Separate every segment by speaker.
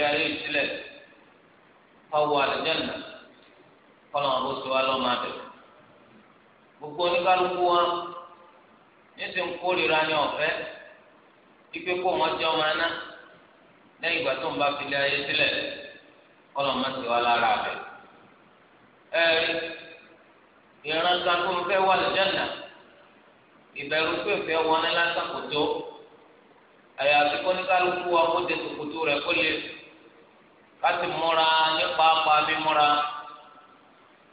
Speaker 1: ọjà rẹ̀ sílẹ̀ ọwọ́ àlùjẹ́nà kọ́lọ́n ó sọ wá lọ́mọ abẹ. gbogbo oníkálukú wa níṣẹ́ ń kórìíra ní ọ̀fẹ́ ipe kó wọn jẹ́ ọmọ aná lẹ́yìn ìgbà tó ń bá fi ayé sílẹ̀ kọ́lọ́n má sì wá lára abẹ. ẹ̀rí ìran kan tó ń wà pé wọn ní lásán kò tó kasi múra ní kpakpa bí múra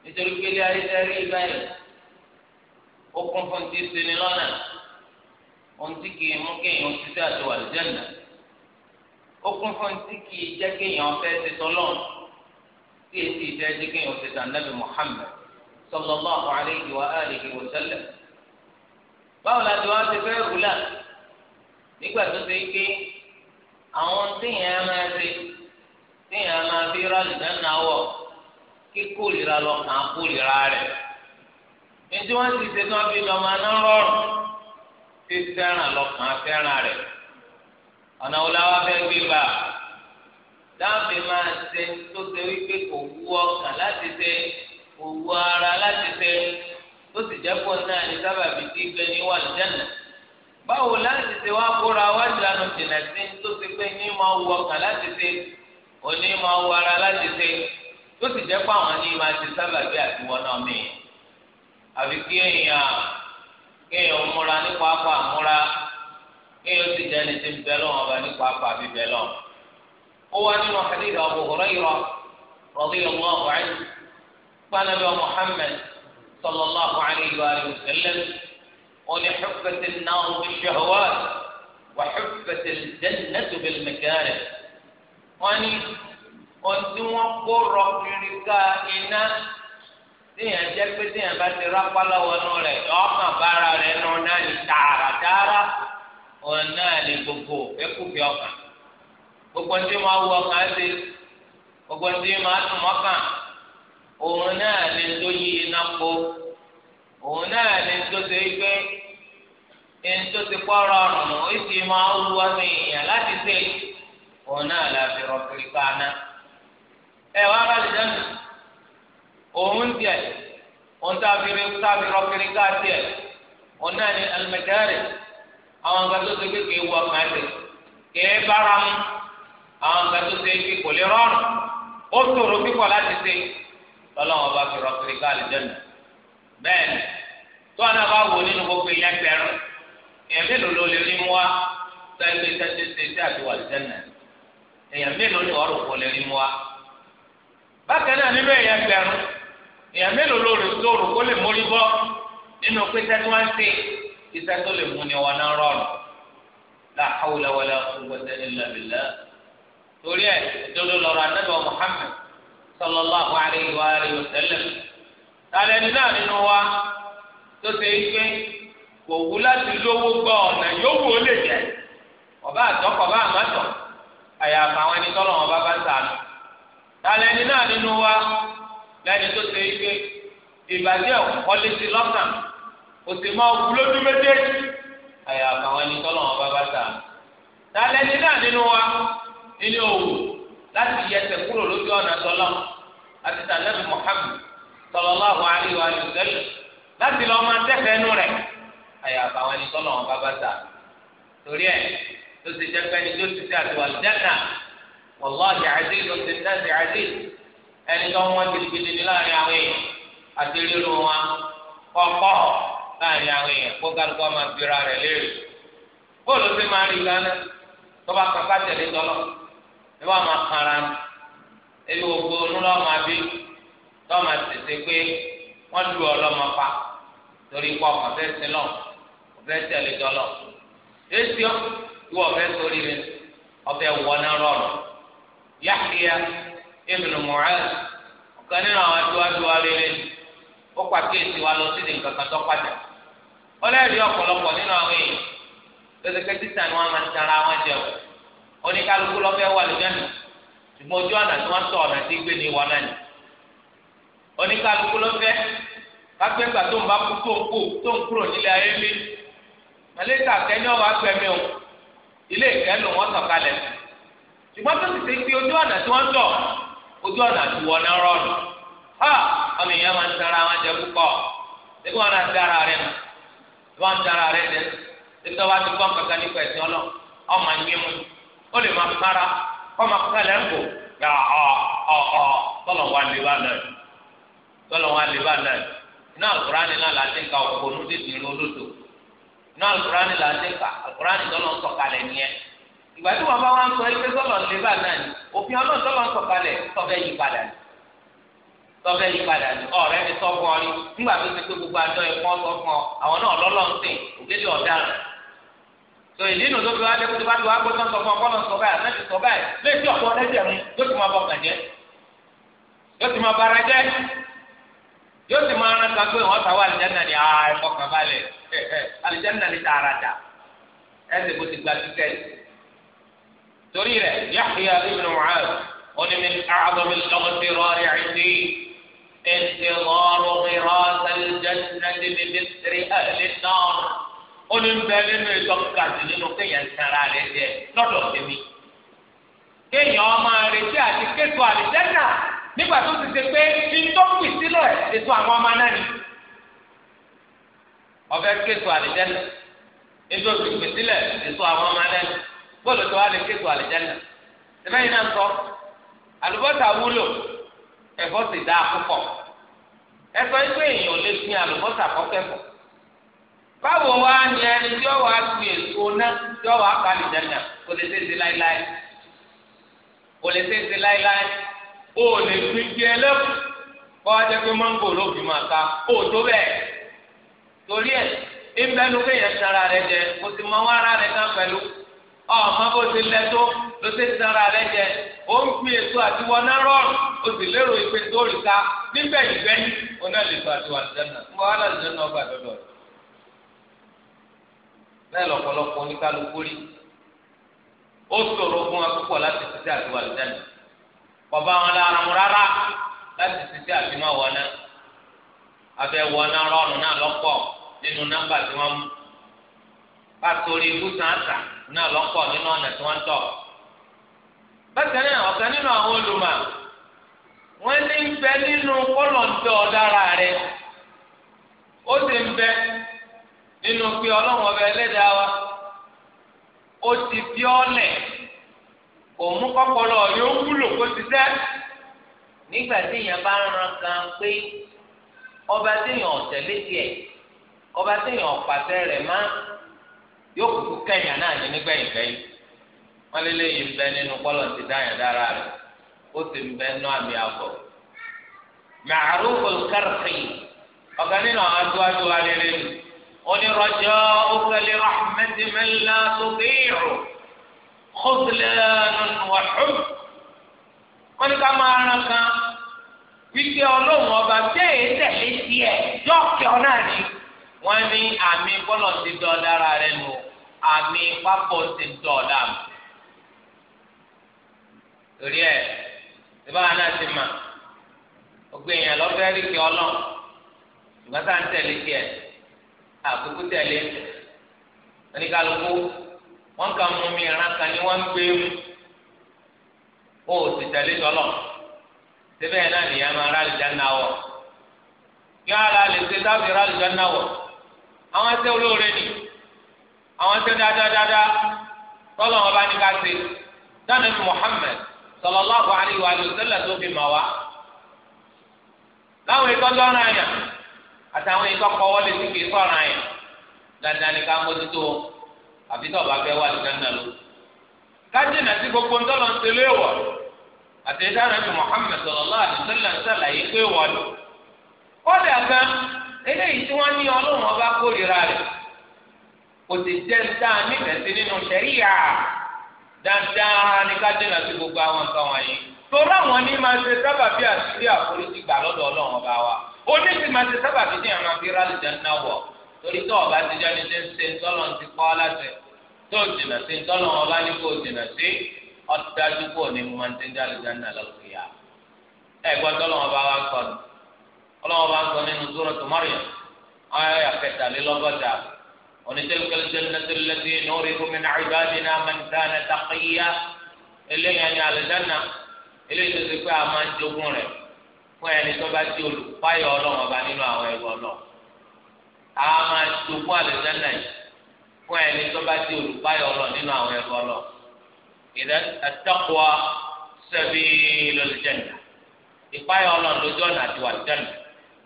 Speaker 1: nítorí kéde ayé sẹ́rí báyìí ó kún fún ti sinmi lọ́nà ohun tí kì í mú kéèyàn títí àti wà lẹ́jẹ̀nà ó kún fún tí kì í jẹ́ kéèyàn fẹ́ ti tọ́lọ́ tí èsì ìfẹ́ jẹ́ kéèyàn ti tà nàbì Muhammad sallallahu alayhi wa alihi wa sallam báwo la ti wá ti fẹ́ rúlà nígbà tó ti ké àwọn tíyẹn máa ti téèyàn máa fi rálì dáná wọ̀ kí kórìíra lọ kàn án kórìíra rẹ̀ ẹni wọ́n ti ṣe náà bí lọ́mọ aná rọrùn tí fẹ́ràn lọ kàn án fẹ́ràn rẹ̀ ọ̀nà wo làwọn fẹ́ gbé bá dáàbì máa ṣe tó ṣe wípé kò wú ọkàn láti ṣe kò wú ara láti ṣe ó sì jẹ́ náà ní sábàbí tí gbẹ̀ni wà jẹ́nà báwo láti ṣe wá kóra wájú lánàá jìnnà sí tó ṣe pé ní máa wú ọkàn láti ṣe onímọ̀ owó ara láti ṣe tó sì jẹ́ pé àwọn ní máa ṣe sábàbí àti wọnà mi àfi kí èèyàn kí èèyàn múra nípa apá àmúra kí èèyàn sì jẹ́ ẹni tí ń bẹ lọ́wọ́ ọba nípa apá àbí bẹ lọ́wọ́. ó wá nínú hadith Abu Hurairah radiyallahu anhu gbanabi Muhammad sallallahu alayhi wa sallam oní xubbati náà bí shahwat wà xubbati jannatu bil makarih. wọ́n ní ohun tí wọ́n kó rọ kiri ká iná tíyẹn jẹ́ pé tíyẹn bá ti bára rẹ nù náà ní tààràtààrà náà ní gbogbo ẹkùfẹ́ ọkàn gbogbo tí máa ọkàn gbogbo tí tún náà ní tó yí iná kó náà ní tó ṣe é gbé òun náà la fi rọ kiri paná ẹ wá bá lè dáná òun tiẹ̀ òun tàbí rọ kiri ká tiẹ̀ òun náà ni alimẹtẹrì àwọn nǹkan tó ṣe kékeré wọ kàn tẹ kéé bára mu àwọn nǹkan tó ṣe kékeré kò lè rọrùn ó ṣòro pípọ̀ láti ṣe lọ́lọ́wọ́ bá fi rọ kiri ká lè dáná bẹ́ẹ̀ ni bá wò nínú gbogbo ìyá gbẹrún èmi lòlò lè rí mu wá sẹ́gbẹ́ sẹ́gbẹ́ sẹ́gbẹ́ àti wàlúùjẹ́ náà. èèyàn mélòó ni ọrùn kò lè rí mu wa bákan náà nínú èèyàn gbẹrún èèyàn mélòó ló rè kó lè mórí bọ nínú pé sẹ́tún wá ṣe iṣẹ́ tó lè mú ni wọn náà rọrùn la hawla wala illa billah torí lọrọ wa Muhammad sallallahu alayhi wa wa tó ṣe é àyàfà àwọn ẹni tọ́lọ̀ wọn bá bá ń sàánù. Tàlẹ́ ẹni náà nínú wa lẹ́ni tó ṣe ike ìbàjẹ́ ọ̀lẹ́sì lọ́sàn òsì máa wù lójú méjèèjì àyàfà àwọn ẹni tọ́lọ̀ wọn bá bá sàánù.
Speaker 2: Tàlẹ́ ẹni náà nínú wa
Speaker 1: nínú òwò láti yẹsẹ̀ kúrò lójú ọ̀nà tọ́lọ̀ àti tàlẹ́bù Muhammad sallallahu alaihi wa sallam láti lọ́ọ́ máa tẹ́fẹ̀ẹ́ rẹ̀ àyàfà àwọn ẹni tọ́lọ̀ wọn bá bá sàánù. Torí ẹ̀ tó ti jẹ́ pé ẹni tó ti tẹ́ àti wàlùjáná wàláhi àdéhùn tó ti tẹ́ àti àdéhùn ẹni tó wọ́n gidigidi ní láàrin àwọn èèyàn àti rírun wọn kọ́kọ́ láàrin àwọn èèyàn kó kálukú ọmọ abira rẹ̀ léèrè bóòlù ti máa rí gánà tó bá kàkà tẹ̀lé tọ́lọ̀ ẹ wá máa kàrà ní ebi gbogbo onúlọ́ máa bí tọ́ máa tètè pé wọ́n lu ọlọ́mọ pa torí kọ́ ọ̀kan fẹ́ sílọ̀ ọ̀fẹ́ tẹ̀lé tọ́lọ̀ èsì ọ́. ìwọ ọ̀fẹ́ sórí rẹ ọ̀fẹ́ wọná rọrùn Yahya ibn ya, ọ̀kan nínú àwọn adúwádúwá rere ó pàkíyèsí wa lọ sí ní nǹkan kan tó pàtà ọlẹ́rìí ọ̀pọ̀lọpọ̀ nínú àwọn èèyàn lọ́sẹ̀kẹ́ títà ni wọ́n máa ń tara wọn jẹ oníkálukú lọ́fẹ́ wà lójánù ṣùgbọ́n ojú ọ̀nà tí wọ́n tọ̀ ọ̀nà tí gbé náà ni oníkálukú lọ́fẹ́ tó ń bá kú tó ń kú tó ilé ìfẹ́ ló wọ́n sọ̀kalẹ̀ ṣùgbọ́n tó ti ṣe pé ojú ọ̀nà tí wọ́n tọ̀ ojú ọ̀nà tí wọ́n náà rọrùn ha ọmọ ìyá máa ń tara wọn jẹ púpọ̀ ṣébí wọn náà ń dára rẹ nù wọn ń dára rẹ jẹ ṣébí wọn bá ti gbọ́n kankan nípa ẹ̀sìn ọlọ́ ọmọ ìyẹn mu ó lè máa kára kọ́ máa kálẹ̀ ń bò yà ọ̀ ọ̀ ọ̀ tọ́lọ̀ wà lè bá lọ tọ́lọ̀ wà lè bá lọ iná àkùrá náà alukurani la ń ka alukurani tọ́lọ̀ ń sọ̀kalẹ̀ nìyẹn ìgbà tí wọn bá wọn sọ ẹgbẹ́ tọ́lọ̀ lébà náà ni òfin ọlọ́run tọ́lọ̀ ń sọ̀kalẹ̀ tọ́fẹ́ yí padà ni tọ́fẹ́ yí padà ni ọ̀rẹ́ sọ fún ọ ni nígbà tó ti pé gbogbo ẹ̀kọ́ sọ fún ọ àwọn náà lọ́lọ́run sìn òkèlè ọ̀daràn tó ìdí inú tó fi wá dé bá wá yóò sì máa rántí pé wọ́n sá wà àlìjáná ni àìmọ̀kàn ah, balẹ̀ àlìjáná ni tààràdà ẹsẹ̀ bó ti gba tíkẹ́ẹ̀tì. torí rẹ̀ Yahya ibn Mu'adh oní mi àbọ̀ mi lọ́wọ́ ti rọrí àìsí ẹ̀ǹtẹ̀ lọ́rọ̀ mi rọ́ sàlìjáná ni mi bí sẹ́rí àlè náà oní bẹ́ẹ̀ nínú ìtọ́ka sí nínú kéèyàn sára rẹ̀ jẹ lọ́dọ̀ tèmi kéèyàn máa retí àti kéèkó àlìjáná nígbà tó ti ṣe pé ntọ́pì sílẹ̀ ètò àwọn ọmọ náà ni ọbẹ̀ késo àlìjẹ́nà ètò òpìpì sílẹ̀ ètò àwọn ọmọ náà ni bọ́ọ̀lù tó wà lè késo àlìjẹ́nà sẹ́fẹ̀yìn náà sọ àlùbọ́sà wúlò ẹ̀fọ́ sì dáa púpọ̀ ẹ̀fọ́ yìí pé èèyàn lè fi àlùbọ́sà kọ́kẹ́fọ́ báwo wá ni ẹni tí ọwọ́ á fi èso náà tí ọwọ́ á kà àlìjẹ́nà kò lè ṣe é ṣe láéláé kò lè ṣe é ṣe láéláé. o lè fi di ẹlẹ́kùn kọ́ ajẹ́ pé máńgò ló fi máa ka o tó bẹ́ẹ̀ torí ẹ̀ ń kéèyàn sara rẹ jẹ wára rẹ kan pẹ̀lú ọmọ bó ti lẹ tó ló ti sara rẹ jẹ ń fi rọrùn o sì lérò ìpè tó rí níbẹ̀ lè tó dọ́dọ̀ bẹ́ẹ̀ lọ́pọ̀lọpọ̀ oníkálukú rí fún bàbá wọn lára mu rárá láti ṣiṣẹ́ àfihàn wọn náà abẹ́ wọn náà rọ́ọ̀nù na nínú n'inu tí mba mú pàtórí ibùsùn náà na nínú ọ̀nà tí wọ́n tọ̀. bákan náà ọ̀kan nínú àwọn olùmọ̀ wọ́n ní ń bẹ nínú kọ́lọ̀ǹtẹ̀ ọ̀dára rẹ̀ ó sì ń bẹ nínú pé ọlọ́wọ́n wa ó ti fi ọ́ lẹ̀. òun kọ́kọ́lọ́ yóò wúlò kó ṣiṣẹ́ nígbà tí èèyàn bá ń ran kan pé ọba tí èèyàn ọ̀tẹ̀lé tiẹ̀ ọba tí èèyàn ọ̀pàtẹ rẹ̀ má yóò kúkú kẹ́yìn náà ní nígbẹ̀yìn gbẹ̀yìn wọ́n lé lẹ́yìn ń bẹ nínú kọ́lọ̀ ti dára rẹ̀ ó ń wa lé onírọ̀jọ́ ó khuzlan wa hubb
Speaker 2: wọ́n ní ká máa rán kan
Speaker 1: wípé ọlọ́run ọba bẹ́ẹ̀ tẹ̀lé tiẹ̀ yọ̀ọ̀kẹ́ ọ náà ni wọ́n ní àmì bọ́lọ̀ ti dọ̀ dára rẹ nù àmì pápọ̀ ti dọ̀ dàm. torí ẹ ìbára náà ti mà gbogbo lọ́fẹ́ rí kí ọlọ́run ìgbà tá à ń tẹ̀lé tiẹ̀ àkókò tẹ̀lé oníkálukú wọn kà mú mi ìran kan ni wọn gbé mu ó sì tẹ̀lé tọlọ síbẹ̀ náà nìyẹn máa rà lìjà náà wọ̀ kí ara lè ṣe sáfì rà lìjà náà wọ̀ àwọn ẹsẹ̀ olóore ni àwọn ẹsẹ̀ dáadáa tọ́lọ̀ wọn bá ní ká ṣe dáná ní Muhammad sallallahu alaihi wa sallam tó fi mà wá láwọn ìtọ́jú ọ̀ràn àyàn àtàwọn ìtọ́kọ̀ wọlé tí kì í àyàn dandan ní ká mójútó àfi tó o bá fẹ́ wà lùdánná ló kájínà sí gbogbo ńdọ́lọ́ ń tẹ̀lé wọ̀ àtẹ̀dá nàbì Muhammad sallallahu alaihi wasallam sàlàyé pé wọ̀ lọ. kọ́dà gan eléyìí tí wọ́n ní ọlọ́run ọba kórìíra rẹ̀ kò sì jẹ́ ńdá nífẹ̀ẹ́ sí nínú ṣẹ̀ríyà dáadáa ní kájínà sí gbogbo àwọn nǹkan wọ̀nyí. torí àwọn ní máa ṣe sábàbí àṣírí àforíjì gbà lọ́dọ̀ ọlọ́run ọba wa oníṣìí máa ṣe sábàbí ní torí tó ọba ti jáde ṣe ń ṣe ńtọ́lọ̀ ti kọ́ láti tó jìnà sí ńtọ́lọ̀ ọba ní kò jìnà sí ọ̀dájú kò ní mo máa ń tẹ́jà lẹ́jà lọ́kùnrin yá. ẹ gbọ́ tọ́lọ̀ ọba wa ń kọ́ ni ọlọ́wọ́ ọba ń kọ́ nínú Suratu Maryam ayọ̀ kẹtàlélọ́gọ́ta oníṣẹ́lẹ̀ jẹ́nẹ́tẹ́ lẹ́tí nùrí gómìn a máa jogún àlùjánnà yìí fún ẹni tó bá di olùpáyọ̀ ọlọ nínú àwọn ẹrú ọlọ ìdá at-taqwa sabilul janna ìpáyọ̀ ọlọ lójú ọ̀nà àti wà àlùjánnà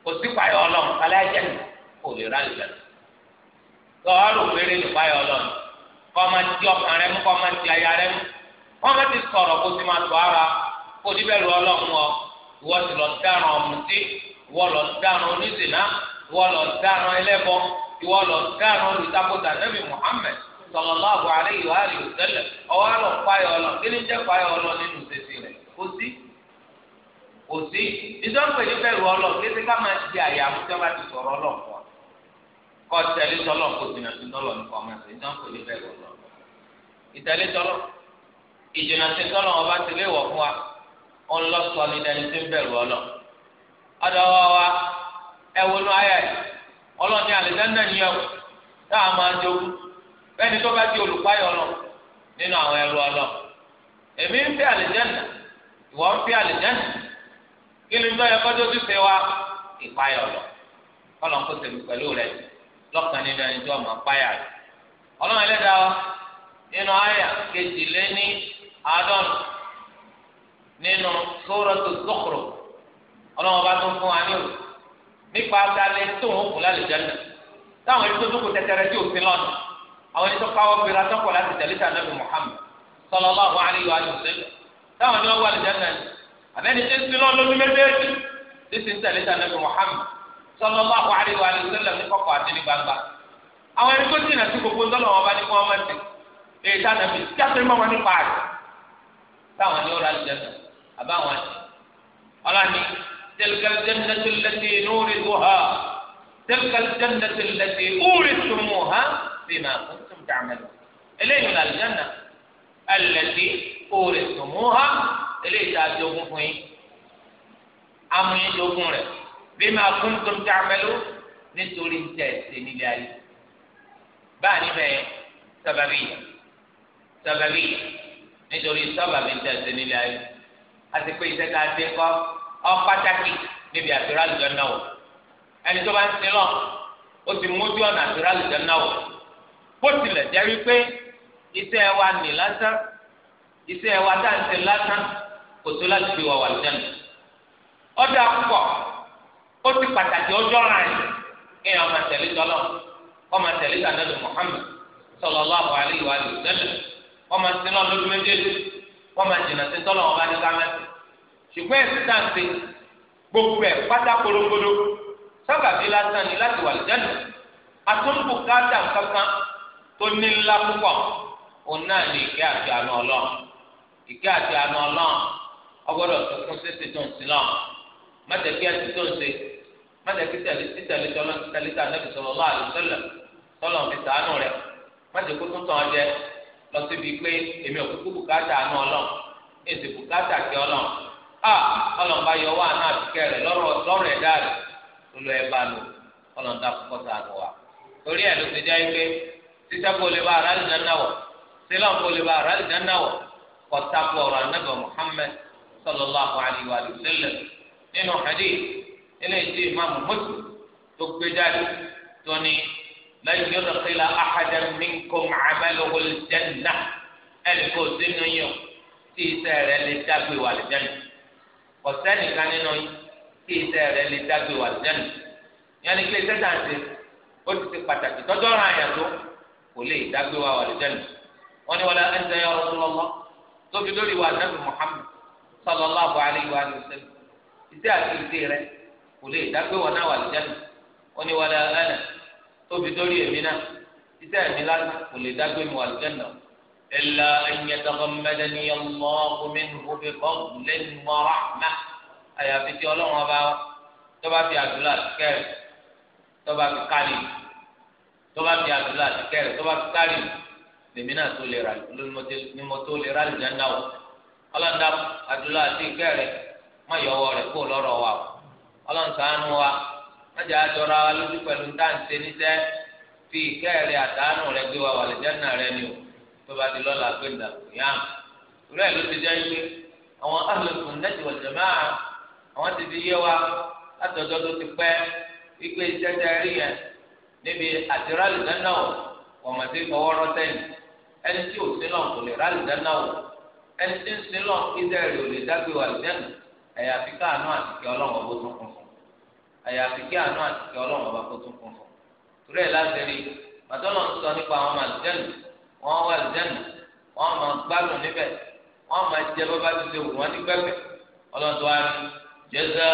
Speaker 1: kò sí ìpáyọ̀ ọlọ kálẹ̀ àlùjánnà kò lè rà àlùjánnà lọ ọrùn péré nípáyọ̀ ọlọ kọ́ máa ti ọkàn rẹ mú kọ́ máa ti aya rẹ mú kọ́ ti sọ̀rọ̀ kó ti máa tọ́ ara kó ti bẹ̀rù ọlọ́run ọ ìwọ lọ dáràn ọmùtí ìwọ lọ dáràn oníṣìná ìwọ lọ dáràn ẹlẹ́bọ ìwọ lọ dáràn olùtakùtà nẹ́bí Muhammad sallallahu alaihi wa alihi wasallam ọwọ́ àlọ́ payọ̀ ọlọ kí ni jẹ́ payọ̀ ọlọ nínú sèse rẹ̀ kò sí kò sí ìdánwò ní bẹ̀rù ọlọ kí ẹsẹ̀ ká máa ti àyà àmúṣe bá ti sọ̀rọ̀ ọlọ fún wa kọ́ tẹ̀lé tọ́lọ̀ kò jìnnà sí tọ́lọ̀ nípa ọmọ ẹ̀sẹ̀ ìdánwò ní bẹ̀rù ọlọ ìtẹ̀lé tọ́lọ̀ ìjìnnà sí tọ́lọ̀ ọba ti léwọ̀ fún wa ó ń lọ sọ ní dání tí ń bẹ̀rù ọlọ ọdọ wa wa ẹ wo nu ayé ọlọ́ni alẹ́dáńdà ni ọ táwa máa dogun bẹ́ẹ̀ni tó bá di lọ nínú àwọn ẹrú ọlọ èmi ń fẹ́ àlẹ́dáńdà ìwọ ń fẹ́ àlẹ́dáńdà kí ni tó yẹ wa ìpáyọ̀ lọ ọlọ́n kó tẹ̀lé pẹ̀lú rẹ nínú ẹni tó rẹ wa nínú kejì lé ní nínú tó nípa adalẹ tó ń kún lálẹ́ jẹnà táwọn ẹni tó tó kù tẹtẹrẹ tí òfin lọnà àwọn ẹni tó káwọ́ gbéra tó láti tẹ̀lé tà nàbì Muhammad sallallahu alaihi wa sallam táwọn ẹni wọn wà lẹ́jẹ̀ náà àbẹ́ni tí ń sin lọ́nà lójú méjèèjì tí sì ń tẹ̀lé ní kọ̀kọ̀ àti ní gbangba àwọn ẹni tó تلك الجنة التي نورثها تلك الجنة التي أورثتموها بما كنتم تعملون إليه الجنة التي أورثتموها إليه تأجوكم فيه أمي جوكم بما كنتم تعملون نسولين تأسين إلهي بعني ما سببية سببية نسولين سبب تأسين إلهي أتكوي سكاتي قف ọpàtàkì níbi àtúrà àlùjánnà wò ẹni tó bá ń sin lọ ó ti mójú ọ̀nà àtúrà àlùjánnà wò bó tilẹ̀ jẹ́ wípé iṣẹ́ wa nì lásán iṣẹ́ wa dáǹtẹ̀ lásán kò tó láti fi wà wà lùjánnà ọdọ akpọ ó ti pàtàkì ọjọ́ rẹ̀ kéèyàn tẹ̀lé ọmọ tẹ̀lé sọlọ ọmọ lójú méjèèjì ọmọ jìnnà sí ọba ní ṣùgbọ́n ẹ̀sìn tá à ń ṣe gbogbo ẹ̀ pátá polongodo sábàbí lásán ni láti wà lìjánu àtúntò káàdà kankan tó ní ńlá púpọ̀ òun náà ní ìkẹ́ àti àna ọlọ́run ìkẹ́ àti àna ọlọ́run ọgbọ́dọ̀ tó kún sétí tó ń sin náà mọ́tẹ́kí àti tó ń se mọ́tẹ́kí tẹ̀lé títẹ̀lé tọ́lọ́ títẹ̀lé tà nẹ́bí sọ̀rọ̀ lọ́wọ́ àlùsọ́lẹ̀ tọ́lọ̀ fi sàánù rẹ̀ mọ́tẹ́ kó tún tàn jẹ lọ síbi pé èmi ò kúkú bùkátà àna ọlọ́run èsì bùkátà kí ọlọ́run a ọlọ́mọba yọ wá náà àtúkẹ́ rẹ̀ lọ́rọ̀ lọ́rọ̀ ẹ̀dá rẹ̀ lọ́lọ́ ẹ̀ bá lò ọlọ́mọba kọ́kọ́ sànù wa torí ẹ̀ ló ti jẹ́ pé títẹ́ kó lè bá aráàlú náà náwọ̀ sílọ̀n kó bá aráàlú náà náwọ̀ kọ́tà pọ̀ ọ̀rọ̀ anábọ̀ Muhammad sallallahu alayhi wa sallam nínú hadith eléyìí imaamu Muslim tó gbé jáde tó ní lẹ́yìn yóò dọ̀kílà ahadan minkum amaluhu al-jannah ẹnì ọ̀sẹ́nìkan nínú tí iṣẹ́ rẹ̀ lè dágbé wà lẹ́nu yẹnni kí iṣẹ́ tàn ṣe ó ti ṣe pàtàkì tọ́jú ọ̀ràn àyàn tó kò lè dágbé wà wà lẹ́nu wọn ni wọlé ẹnjẹ yọ Rasulullah tó fi lórí wà lẹ́nu Muhammad sallallahu alayhi wa sallam iṣẹ́ àti iṣẹ́ rẹ̀ kò lè dágbé wà náà wà lẹ́nu wọn ni wọlé ẹnẹ tó fi lórí èmi náà iṣẹ́ mi lásán kò lè dágbé mi wà lẹ́nu إلا أن يتغمدني الله منه بفضل ورحمة أيا في تيولون أبا تبا في أدلات كيف تبا في قليل تبا في أدلات كيف تبا في قليل لمن تولي رال لمن تولي رال جنة ọlọ́run dá àdúrà àti ìkẹ́rẹ́ má yọwọ́ rẹ̀ kó lọ́rọ̀ wa o ọlọ́run ṣàánú wa má jẹ́ àjọra wa lójú pẹ̀lú táǹtẹ̀ níṣẹ́ fi ìkẹ́rẹ́ àtàánú rẹ̀ gbé wa wà lẹ́jẹ̀ náà rẹ̀ ni o tó bá di lọ́la pé ndàkúnyàm ìrẹ́ ló ti jẹ́ pé àwọn ahlùkùn nẹ́tì wal jamaa àwọn ti di yé wa látọ̀dọ̀ tó ti pẹ́ wípé iṣẹ́ tẹ rí yẹn níbi àti rálì dáná o wọ́n mọ̀ sí fọwọ́rọ́ sẹ́yìn ẹni tí ò sí lọ́n kò lè rálì dáná o ẹni tí ń sí lọ́n iṣẹ́ rẹ̀ ò lè dágbé wà lẹ́nu àyàfi káànú àtìkẹ́ ọlọ́run ọ̀bọ tó kún fún àyàfi káànú àtìkẹ́ ọlọ́run ọ̀bọ tó kún fún torí láti rí pàtọ́lọ́ ń sọ nípa àwọn màlúùjẹ́nu wọn wà lùdẹ́nu wọn máa gbálò níbẹ̀ wọn máa jẹ bàbá tó ṣe wọn ní gbẹgbẹ ọlọ́dún wa ni jẹ́sà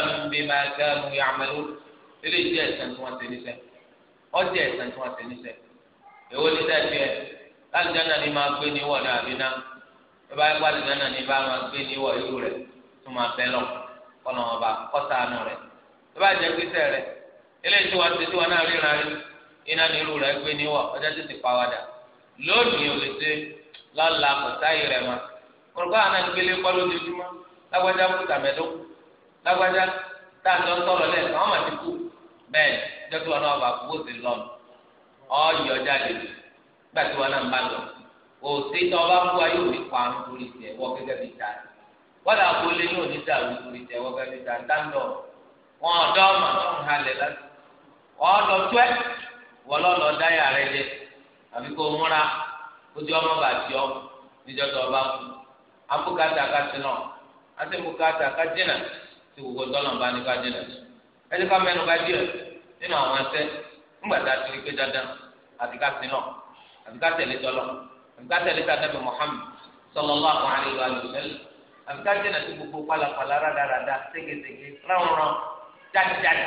Speaker 1: ẹ̀mí máa ká mu yàmẹ́lú eléyìí jẹ́ ẹ̀sán tí wọ́n ti níṣẹ́ ọjọ́ ẹ̀sán tí wọ́n ti níṣẹ́ èwo ni dẹ́ẹ̀tì ni máa gbé ni máa gbé irú ọba kọ́sàánù tí wọ́n ti tí wọ́n náà ríran rí iná irú gbé lónìí o lè ṣe lọ́la kò sáyé rẹ̀ mọ́ kórópá àná gbélé kọ́ lójoojúmọ́ lágbájá kú tàmẹ́dó lágbájá táàjọ sọ̀rọ̀ lẹ́ẹ̀kan ọmọ ti kú bẹ́ẹ̀ jẹ́ kí wọn náà bá kú lọ́nù ọ̀yọ́ wọn náà ń lọ bú ayé òní pa ń torí ta ní òní ta lọ ẹ lọ lọ dá yàrá jẹ àbí kò múra ó ti ọmọ bàtí ọ níjọ tó ọba kú abúkátà ká sí náà àti abúkátà ká jìnà tí gbogbo tọ́lọ̀ bá ní ká jìnà tó ẹni ká mẹ́nu bá díẹ̀ nínú àwọn ẹsẹ̀ ńgbà tá a dandan àti ká àti ká tẹ̀lé àti ká tẹ̀lé tàdébì Muhammad sallallahu alaihi wa sallam àti ká jìnà tí gbogbo pálapàla rádaràda ségesège ráwọn ráwọn jáde jáde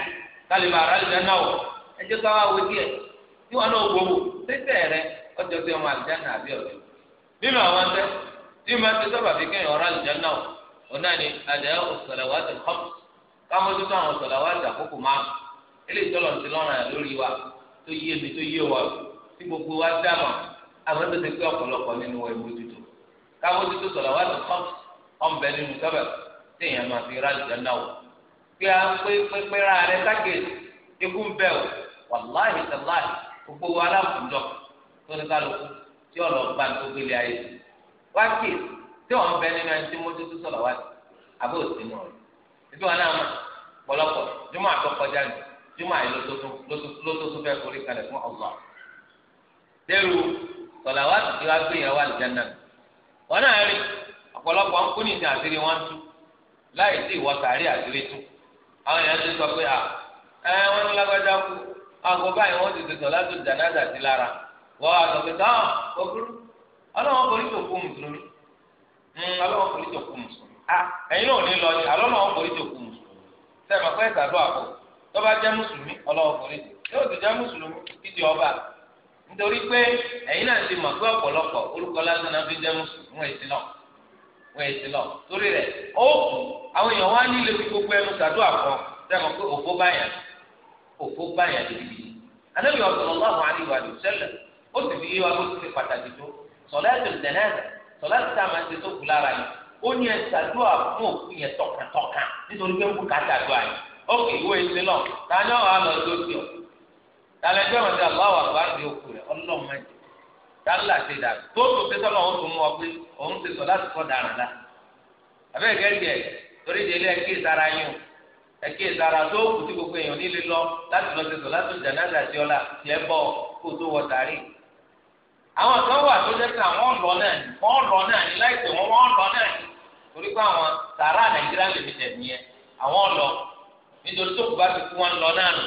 Speaker 1: kálíbà rálẹ̀ náà ẹjẹ́ ká wá wé díẹ̀. tí wọn náà gbowó tẹsẹ rẹ ọjọ́ tí ọmọ àlùjáná àbí ọjọ́ nínú àwọn tẹ tí ma ti sábà fi kéèyàn ọ̀rọ̀ o ọ̀nà ni àdéhà ọ̀sọ̀làwàtì hàn kámọ́tò tó àwọn ọ̀sọ̀làwàtì àkókò máa eléyìí tọ́lọ̀ ti lórí wa tó yé mi tó yé wa tí gbogbo wa dáàmà àwọn tó ti nínú wa ìwé tuntun fi o gbogbo wa aláwùjọ tó ní kálukú tí ọ̀rọ̀ bá tó gbélé ayé wá kì í tí wọ́n bẹ nínú ẹni tí mójú tó sọ̀rọ̀ wá sí abẹ́ òsì náà ìdí wọn náà mọ̀ pọ̀lọpọ̀ jùmọ̀ àtọkọjá ni jùmọ̀ àyè lótótó fẹ́ forí kalẹ̀ fún ọ̀gbà dẹ́rù sọ̀là wá sí wá gbé ìyàwó àlùjáná wọn náà rí ọ̀pọ̀lọpọ̀ ń kún ní ìsìn àṣírí wọn tú láì sí ìwọ sàárì àṣírí tú àwọn èèyàn ti sọ pé à ẹ wọn ní lágbájá kú aago báyìí wọ́n ti tètè láti jànáza sí lára wọ àtọ̀ pé tán kò ní tó kú mùsùlùmí hmm, ọlọ́wọ́n kò ní tó kú mùsùlùmí ah, ẹ̀yin náà ò ní lọ ní alọ́wọ́n kò ní tó kú mùsùlùmí àpò ọba nítorí pé náà ti orúkọ lásán náà fi mùsùlùmí òfó báyàn lórí anabi sallallahu alaihi wa sallam ó sì fi yé wa ti pàtàkì tó salatul janaza sọláàtì tá a máa ṣe tó kù lára yìí ó ní ẹ ṣàdúrà fún òkú yẹn tọkàntọkàn nítorí pé ń kú káta àdúrà yìí ókè ìwé ìṣe náà tani ọ̀ á lọ lórí ọ̀ tàlẹ́jọ́ wọn ti àbáwọ̀ àbáwọ̀ ti òkú rẹ̀ ọlọ́run dà tó tó sọ́nà òun tó ọ pé òun ti sọ láti kọ́ àbẹ́ẹ̀kẹ́ torí ẹ̀kí ìsara tó kù tí gbogbo èèyàn nílé lọ láti lọ sẹ̀sọ̀ láti jàǹdà àti ọ̀la tiẹ̀ bọ̀ kó tó wọ sàárì.
Speaker 2: àwọn kan wà tó jẹ́ sà wọ́n lọ
Speaker 1: náà ni wọ́n lọ náà ni láìpẹ́ wọn wọ́n lọ náà ni torí pé àwọn sàárà nàìjíríà lè fi tẹ̀sí yẹn àwọn lọ nítorí tó kù bá ti kú wọn lọ náà nù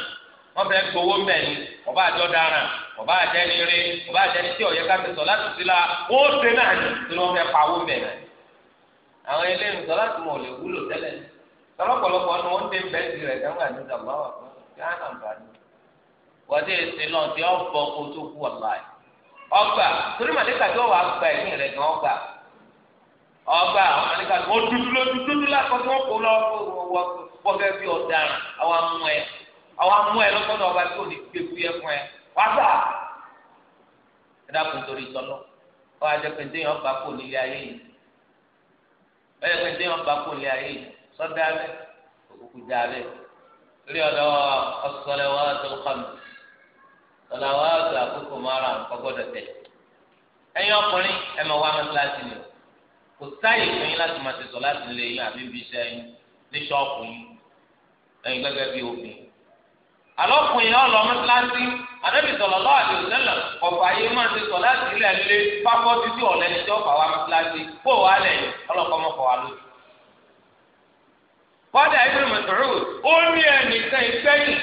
Speaker 1: wọ́n fẹ́ gbowó mẹ́ni ọba àjọ dára ọba àjẹni rí ọba àjẹni tí ọ̀yẹ́ ká sẹ̀sọ̀ láti sí la ó dé náà ni tí wọ́n fẹ́ pawó mẹ́ni àwọn eléyìí sọ láti mọ̀ ò wúlò tẹ́lẹ̀ ní tọ́lọ́pọ̀lọpọ̀ ọ̀nà wọn dé bẹ́ẹ̀ ti rẹ̀ dáhùn àti ìdàgbà wà fún kí á nà bá ní. wọ́n dé èsì náà tí wọ́n bọ oko tó kú ọ̀la ẹ̀. ọgbà torí màlíkà tó wàá gba ẹ̀yìn rẹ̀ gan ọgbà. ọgbà àwọn màlíkà tó dúdú ló dúdú lápò tí wọ́n kó lọ wọ́gẹ́ bí ọ̀daràn àwọn amú ẹ àwọn amú ẹ lọ́sọ̀dọ̀ ọba tí ò ní gbé fúyẹ́ ẹ wàgbà. ẹ dákun sọdọ abẹ òkùnkùn dà abẹ lórí ọdọ ọsọlẹ wa tó kàn sọlá wa tó àkókò mara nǹkan gbọ́dọ̀ tẹ ẹ̀yin ọkùnrin ẹ máa wá mọ́sálásí ni kò sáyè fún yín láti máa ti sọ láti lè yín àbí ibi iṣẹ́ yín ní ṣọ́ọ̀kù yín ẹ̀yin gẹ́gẹ́ bí obìnrin
Speaker 2: alọkùnrin náà lọ mọ́sálásí
Speaker 1: àdébí sọlọ lọ àdébí sẹlẹ ọgbà ayé máa ti sọ láti ilẹ̀ lé pápọ́ títí ọ̀lẹ́ni tí ọ̀fà wa mọ́sálásí kó wàá lẹ̀ ọlọ́kọ́ mọ́kọ́ wa lójú kọ́dà ibùdó mọ̀tòrò ó ní ẹnìkan ìfẹ́yìn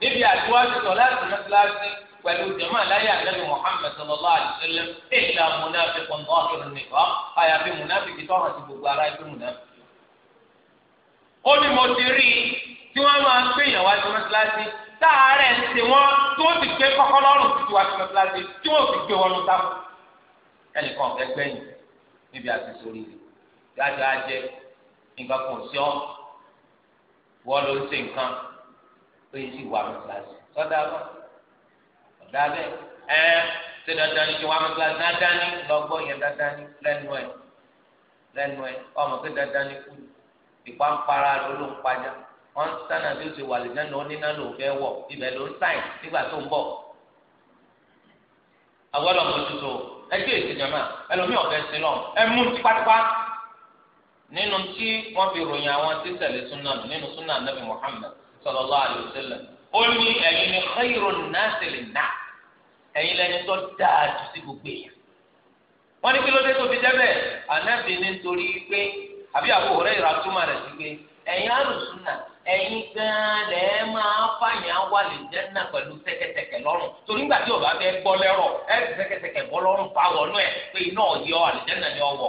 Speaker 1: níbi àtiwájú sọ láti mọ́sálásí pẹ̀lú jama láyé àlẹ́lu Muhammad sallallahu alaihi wasallam ìlà munafiqun dhaahirun nifaq àyàfi munafiki tọ́hàn ti gbogbo ara ẹgbẹ́ munafiki.
Speaker 2: ó ní mo ti rí i tí wọ́n máa ń gbé ìyàwó àti mọ́sálásí
Speaker 1: táàárẹ̀ ń ṣe wọ́n tí wọ́n ti gbé kọ́kọ́ lọ́rùn títí wá sí tí wọ́n fi gbé wọn lọ nǹkan kò sí ọ wọ́n ló ń ṣe nǹkan ó yẹ sí wà mọ́tíláṣí sọ́dá bá ọ̀dà bẹ́ẹ̀ ẹ ṣe dandan ní kí wà mọ́tíláṣí dandan ní lọ́gbọ́n yẹn dandan ní lẹ́nu ẹ̀ lẹ́nu ẹ̀ ọmọ pé dandan ní kú ìpá ń para ló ló ń pajá wọ́n ń sánà bí ó ṣe wà lẹ́nu náà oníná ló fẹ́ wọ̀ ibẹ̀ ló ń sáìn nígbà tó ń bọ̀ àwọn ọlọ́mọ tuntun ẹgbẹ́ ẹ mú tipátipá nínú tí wọ́n fi ròyìn àwọn tí tẹ̀lé súnà nù nínú súnà nàbì Muhammad sallallahu alaihi wasallam ó ní ẹ̀yin ni khayrun nasi lin-nas ẹ̀yin lẹni tó dáa jù sí gbogbo èèyàn wọ́n ní kí ló dé tó fi débẹ̀ ànábì nítorí pé àbí Abu Hurairah túmọ̀ rẹ̀ sí pé ẹ̀yin alùsùnà ẹ̀yin gan lẹ máa fàyàn wà lè jẹ náà pẹ̀lú tẹkẹtẹkẹ lọ́rùn torí nígbà tí o bá fẹ́ gbọ́ lẹrọ ẹ tẹkẹtẹkẹ bọ́ lọ́rùn fáwọn náà pé iná ọyọ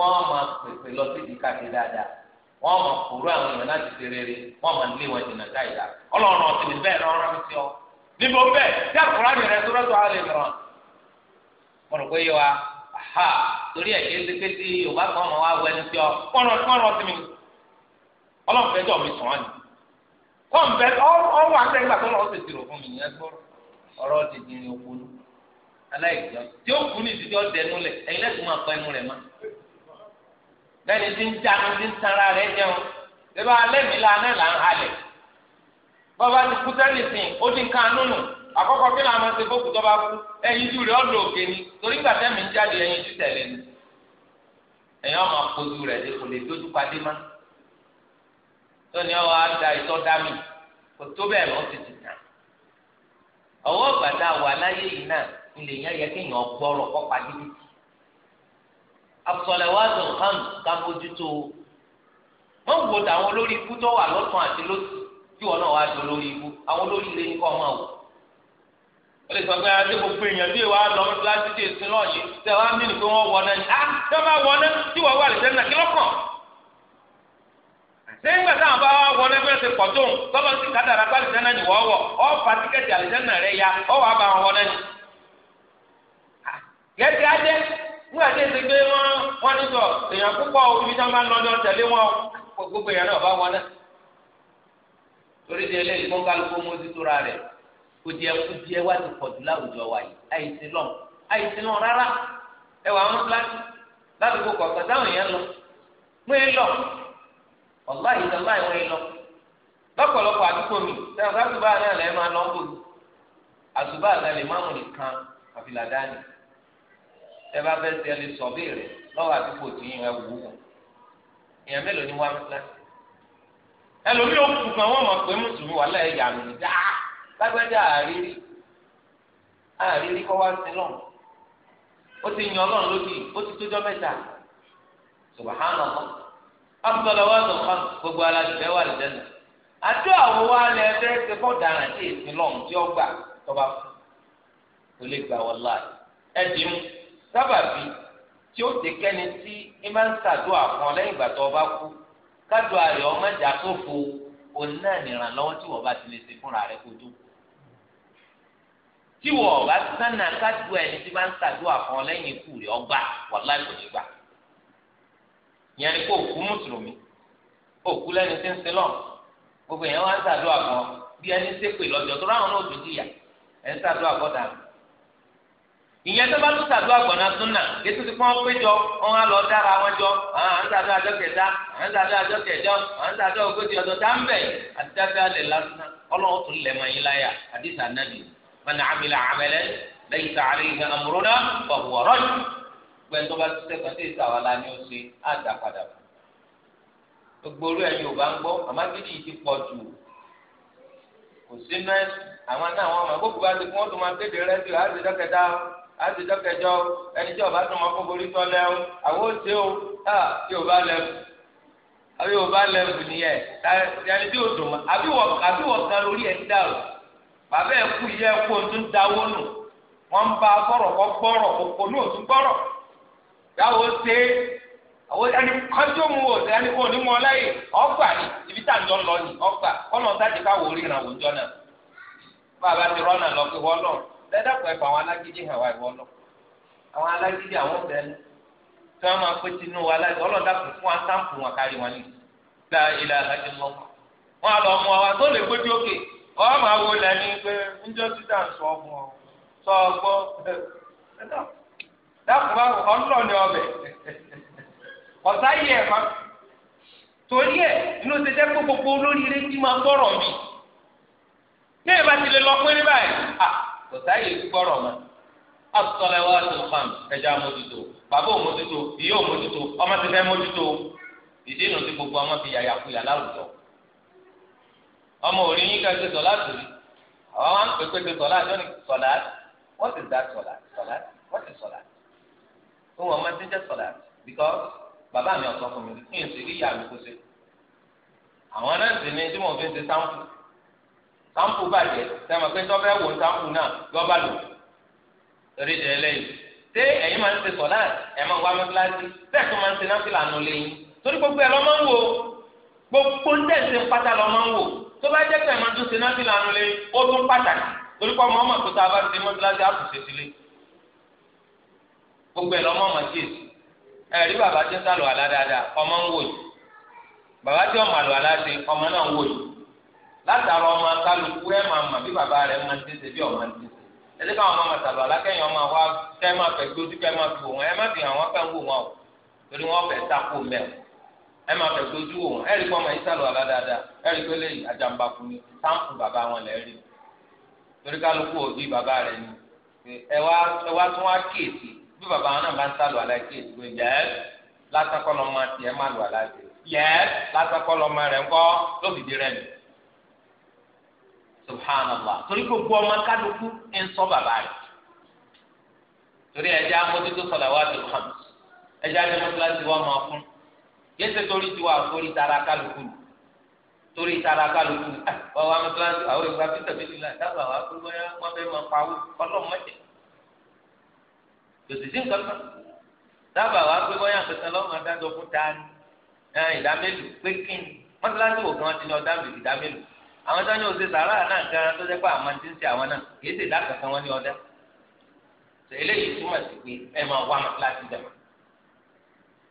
Speaker 1: wọ́n máa pèpè lọ sí ìdíkà sí dáadáa wọ́n máa kúrú àwọn èèyàn láti ṣe rere wọ́n máa lé wọn jìnnà dáìlá ọlọ́run ọ̀sìn bẹ́ẹ̀ lọ́rọ́ mi sí ọ. níbo bẹ́ẹ̀ tí àkùrá mi rẹ sọ́dọ̀tọ̀ àwọn lè rán mo rò pé yé wa ha torí ẹ̀ kí n dékè sí yorùbá kan mọ̀ wá wẹni sí ọ kọ́nà ọ̀sìn mi ọlọ́ọ̀fẹ́jọ́ mi sàn án ni kọ́ńbẹ́ ọ̀wọ́ àtẹ̀gbà tó lọ́ọ́ tètè rò fún mi yẹn gbọ́rọ̀ ọ̀rọ̀ ti di ní okunu aláìjọ tí ó kú ní ìdíjọ́ dẹnu lẹ̀ ẹ̀yin lẹ́sùn máa pa ẹnu rẹ̀ máa. lẹ́ni tí ń já ní ti ń tanra rẹ̀ jẹun ṣébà lẹ́mìí la náà là ń halẹ̀ bọ́ba ti kú sẹ́ni sìn ó dín ká nínú àkọ́kọ́ kí máa ṣe fókù tó bá kú ẹyin ọ̀dọ̀ òkè ni torí gbàtẹ́ mi ń jáde ẹyin jù tẹ̀lé ni ẹ̀yin ọmọ àpòjù rẹ̀ kò lè dójú padé má lónìí ọwọ́ á ìtọ́ kò as-salawatu al-khams ká mójútó o wọn wò táwọn olórí ikú tó wà lọ́tún àti lọ́sì tí wọn náà wá jọ lórí ikú àwọn olórí ilé ní kọ́ máa wò ó lè sọ pé adé ah, gbogbo èèyàn bí wàá lọ láti dé sí náà yìí tẹ wàá mí nìkan wọn wọ náà yìí ah tẹ bá wọ náà tí wọn wà lè sẹ́ni náà kí lọ́kàn lẹ́yìn gbàtà àwọn bá wà wọlé fẹ́ ṣe pọ̀ tó ń tọ́lọ́ sí kádàrá bá àlìjáná ni wọ́ọ́ ah, nígbà tí èsì pé wọ́n wọ́n ní sọ èèyàn púpọ̀ ibi tí wọ́n bá ń lọ ní ọ̀tẹ̀lé wọn gbogbo èèyàn náà bá wọn náà torí di kálukú ra rẹ̀ kò wá ti pọ̀ jù láwùjọ wa yìí àìsí lọ àìsí lọ rárá ẹ wà wọn láti kọ̀ọ̀kan táwọn èèyàn lọ lọ ọ̀gbá yìí lọ lọ́pọ̀lọpọ̀ àdúgbò mi sẹ́wọ̀n náà lẹ́ẹ̀ máa lọ́ ẹ bá fẹ́ ṣe ẹ lè sọ béèrè lọ́wọ́ àdúgbò tí yín ẹ wù ú èèyàn mélòó ni wọ́n á fẹ́ ẹlòmíì kan wọ́n mọ̀ pé mùsùlùmí wà láyé yàrá ní dáa lágbájá wá sí ó ti yan lódì ó ti gbogbo wà àti àwọn wa lẹ dara tí ó gbà kò lè gbà sábàbí tí ó ti kẹ́ni tí ìmá ń ṣàdúrà fún ọ lẹ́yìn ìgbà tó o bá kú kádùá rẹ̀ ọmọ ìjà tó fo òun náà nìrànlọ́wọ́ tí wọ́n bá ti lè ṣe fúnra rẹ̀ kó tó kú tí wọ́n bá sánà kádùá ẹni tí máa ń ṣàdúrà fún ọ lẹ́yìn ikú rẹ̀ ọgbà wàláì kò ní gbà ìyẹn ni kó òkú mùsùlùmí òkú lẹ́ni tí ń sin lọ́n gbogbo ìyẹn wá ń ṣàdúrà fún bí ẹni ṣépè lọ́jọ́ tó ráwọn náà ìyẹn tó bá tó sàdúrà gbọ̀nà súnà ètò tí wọ́n péjọ wọn á lọ dára wọn jọ àwọn sàdúrà àjọ kẹta àwọn sàdúrà àjọ kẹjọ àwọn sàdúrà ogójì ọ̀dọ̀ tá ń bẹ̀ àtijọ́ lè lásán ọlọ́run tún lẹ̀ mọ́ yín láyà àdìsá nàbì mọ́nà àmìlà àmẹ́lẹ́ lẹ́yìn sàárẹ̀ ìgbà àmúrónà bọ̀wọ̀ rọ́ọ̀jù gbẹ̀n tó bá tó sẹ́kọ̀ọ́ sí ìsàwọ̀ la ni ó ṣe á jù kò sínú ẹ̀sùn àwọn náà wọn máa gbogbo àti kí wọ́n tó máa kéde rẹ́díò á ti dọ́kẹ́ta àti dọ́kẹjọ́ ẹni tí ọba dùn wọn kó borí tọ́ lẹ́ àwọn ò o tá bá àbí bá ẹni tí dùn mọ́ àbí àbí kan lórí dà o bàbá ẹ̀ kú yẹ kó o tún nù ni ibi tá à lọ ni ọgbà kọ́nà sáà ti ká wò ó rí ìrànwọ́ náà bàbá ti rọ́nà náà lẹ́dàpọ̀ ẹ̀fọ́ àwọn alágídí hàn wá ìwọ lọ àwọn alágídí àwọn ọ̀bẹ ní tí wọ́n máa pété inú wa láti ọlọ́dà fún wa sáǹpù wọn kárí wọn ní lọ tó lè gbójú òkè máa wo lẹ́ni pé títà sọ sọ ọbẹ̀ torí ẹ̀ inú ti jẹ́ gbogbo olóríire tí máa gbọ́rọ̀ mi ní lọ pé ní báyìí kò sáyè gbọ́rọ̀ mọ́ asọ́lẹ̀wá sọ̀fàm ẹja mójútó bàbá òmójútó ìyá òmójútó ọmọ ti fẹ́ mójútó ìdí inú tí gbogbo ọmọ ti yàyà kuyà láwùjọ ọmọ òrí yín ká ṣe sọlá torí àwọn máa ń pè pé ṣe sọlá àjọ ni sọlá wọ́n ti dá sọlá sọlá wọ́n ti sọlá òun ọmọ ti jẹ́ sọlá because bàbá mi ọ̀sán fún mi kí n sì rí ìyá mi kó ṣe àwọn náà sì ni tí mo fi ń ṣe sáńpù sampo bàjẹ́ sẹ́mi pé tọ́fẹ́ wò sampo náà lọ́ba lò torí ìdílé lẹ́yìn ṣé ẹ̀yin máa ń ṣe sọ̀lá ẹ̀ máa wá mọ́tíláṣí tẹ̀sán máa ń ṣe náà fìlànà lẹ́yìn torí gbogbo ẹ̀ lọ́ máa ń wò gbogbo ń tẹ̀sí pátá lọ́ máa ń wò tó bá jẹ́ pé ẹ̀ máa tún ṣe náà fìlànà lẹ́yìn ó tún pàtàkì torí pé ọmọ tó ta bá ti mọ́tíláṣí àtúnṣe sílé látara ọmọ akálukú ẹ máa mọ bí bàbá rẹ máa ti ṣe bí ọmọ ti ṣe ẹdí káwọn ọmọ màtàlọ alákẹyìn ọmọ wa kẹ máa fẹ gbójú kẹ máa fi wọn ẹ má fi hàn wọn fẹ ń wò wọn o torí wọn fẹ sáko mẹ ẹ máa fẹ gbójú wò wọn ẹrí pé ọmọ yìí ẹrí pé lẹ́yìn àjàmbá fún mi sáǹpù bàbá wọn lẹ rí torí kálukú òbí bàbá rẹ ni ẹ wá ẹ wá tún wá kéèsì bí bàbá wọn náà bá ń sálọ alá kéèsì pé yẹ lásán kọ́ lọ́mọ tiẹ̀ má lọ alá yẹ lásán kọ́ lọ́mọ rẹ̀ ńkọ́ nìyẹn subhanallah torí gbogbo ọmọ kálukú ń sọ bàbá rẹ̀ torí ẹja mójútó sọlá wa ti hàn ẹja ní mọ́tíláṣí wa máa fún yéésì torí tiwa torí tara kálukú torí tara kálukú wà ah, wà mọ́tíláṣí àwọn ìgbà pété bíi nílá dábàá wà pé wọ́n wọ́n fẹ́ máa pawó ọlọ́mọdé tòsí sí nǹkan kan dábàá wà pé wọ́n yàn kankan lọ́mọ adájọ́ fún dání ìdá mélòó pé kí ni wò kí ti ní ọ̀dá mélòó àwọn tó ń yóò ṣe sàrà náà gan tó jẹ́ pé àwọn ti ń ṣe àwọn náà kìí ṣe ìdáàkà kan wọ́n ní ọdẹ tó eléyìí túmọ̀ sí pé ẹ máa wá mọ́tíláṣí dẹ̀ mọ́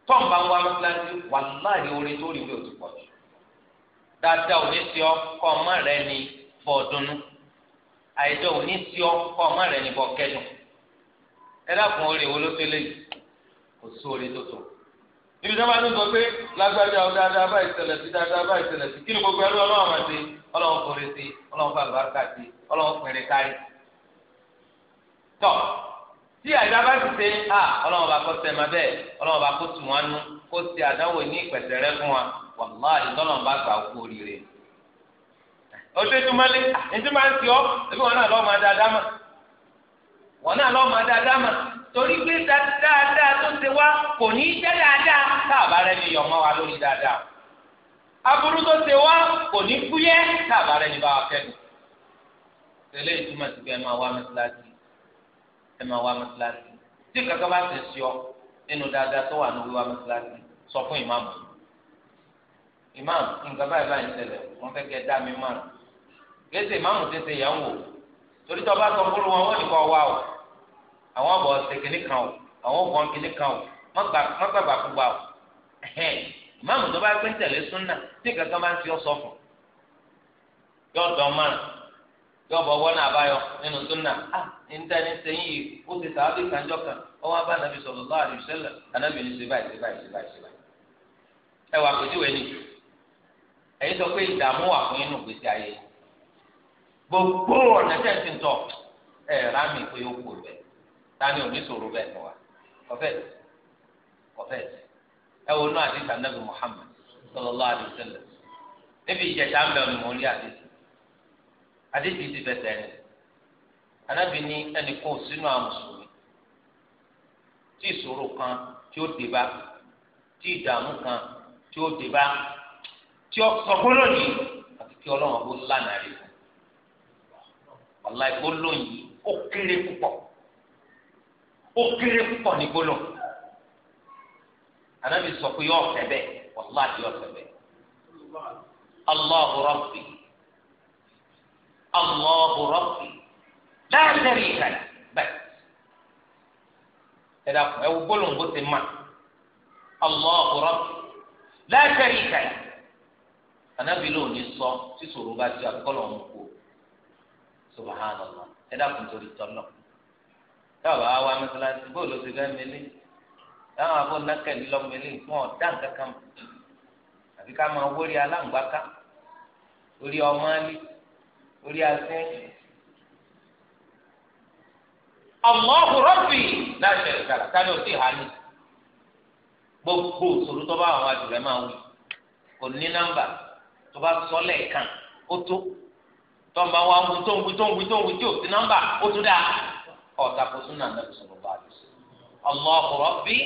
Speaker 1: tọ́ǹba ń wá mọ́tíláṣí wàláhì orin tó rí bí o ti pọ̀ jù dáadáa òní sí ọ kọ́ ọmọ rẹ ní bọ́ ọdúnnú àìjọ òní sí ọ kọ́ ọmọ rẹ ní bọ́ kẹ́dùn ẹ dákun orin wo ló tó léyìí kò sí orin tó tó ibi tí wọ́n bá ń sọ pé lágbájá ọ báyìí ṣẹlẹ̀ sí dáadáa báyìí ṣẹlẹ̀ sí kí ni gbogbo ẹrú ọlọ́run àti ọlọ́run forí sí ọlọ́run fà lùbáríkà sí ọlọ́run pèrè kárí. tọ́ tí àyíká bá ti ṣe à ọlọ́run bá kó sẹ́ma bẹ́ẹ̀ ọlọ́run bá kó tù wọ́n nú kó ṣe àdánwò ní ìpẹ̀sẹ̀ rẹ fún wa wàláhì tọ́lọ́run bá gbà kú oríire. ojoojúmọ́lé ẹni máa ń ti ọ́ ẹbí wọn náà lọ́ọ́ máa dáadáa mà wọn náà lọ́ọ́ máa dáadáa mà torí pé dáadáa tó ṣe wá kò ní í jẹ́ a bá rẹ́ mi yọ̀ mọ́ wa lórí dáadáa aburú tó ṣe wá kò ní fúyẹ́ tábà rẹ ní bá wa kẹ́nu tẹ̀lé ìtumọ̀ sí pé ẹ máa wá mọ́sálásí ẹ máa wá mọ́sálásí tí kankan bá ṣe ṣọ nínú dáadáa tó wà ní wíwá mọ́sálásí sọ fún ìmáàmù ìmáàmù nǹkan báyìí báyìí ń ṣẹlẹ̀ wọ́n fẹ́ kẹ́ dá mi márùn gẹ́sẹ̀ ìmáàmù ti ṣe yàn wò torí tó bá sọ fún wọn wọ́n nìkan wá o àwọn ọ̀bọ̀ ṣe kìnnìkan o àwọn ọ̀bọ̀ kìnnìkan o mọ́gbàgbà ìmáàmù tó bá gbé tẹ̀lé súnà tí kankan bá ń ti ọ sọ fún yọ ọdọ márùn yọ ọbọ wọn nínú súnà ah níta-ní yìí ó ti sàábì kanjọ́ kan ọwọ́ abá nàbì sallallahu alaihi wasallam anábì ní sèbáì sèbáì sèbáì sèbáì ẹ wà pẹ̀lú ìwé ni ẹ̀yin sọ pé ìdààmú wà fún inú gbèsè ayé gbogbo ọ̀nà tẹ̀sí tọ̀ ẹ̀ rámì pé ó kò bẹ̀ tani ò sòrò bẹ́ẹ̀ fún wa ẹ wo náà ta nabi Muhammad sallallahu alaihi wasallam níbi ìjẹta ń bẹ ọ̀nà mọ̀ ní àdìsí ti fẹsẹ̀ rẹ̀ anábì ní ẹnì kan sínú àwọn tí ìṣòro kan tí ó tí ìdààmú kan tí ó dé tí ó sọ àti kí ọlọ́run bó lánàá rẹ̀ ọ̀la ó kéré ó kéré ní anabi sọ pé yóò fẹ́ bẹ́ẹ̀ wàláhì yóò fẹ́ bẹ́ẹ̀ allahu rabbi allahu rabbi láàrin ìhàlẹ̀ bẹ́ẹ̀ ẹ dàpọ̀ ẹ wo gbólóńgbó ti ma allahu rabbi láàrin ìhàlẹ̀ anabi ló ní sọ tí sòrò bá ti àkọlọ̀ ń kú subhanallah ẹ dàpọ̀ nítorí tọ́lọ̀ dábàá wa mẹsàlásì bóòlù ti fẹ́ mi ní táwọn abọ́ nákẹ́lì lọ́mọ eléyìí fún ọ̀dá nǹkan kan àbí ká máa wórí aláǹgbáká orí ọmọ alí orí asẹ́. Allahu Rabbi láṣẹ ìkàlà sáré òsì hàní gbogbo òṣòro tó bá àwọn àjùrẹ́ máa wí kò ní nọ́mbà tó bá sọ lẹ́ẹ̀kan ó tó tọ́ba wa wí tó ń wí tó ń wí tó ń wí tí ò sí nọ́mbà ó tó dáa ọ̀tàkùn súnà náà sọ̀rọ̀ bá a lọ sí Allahu Rabbi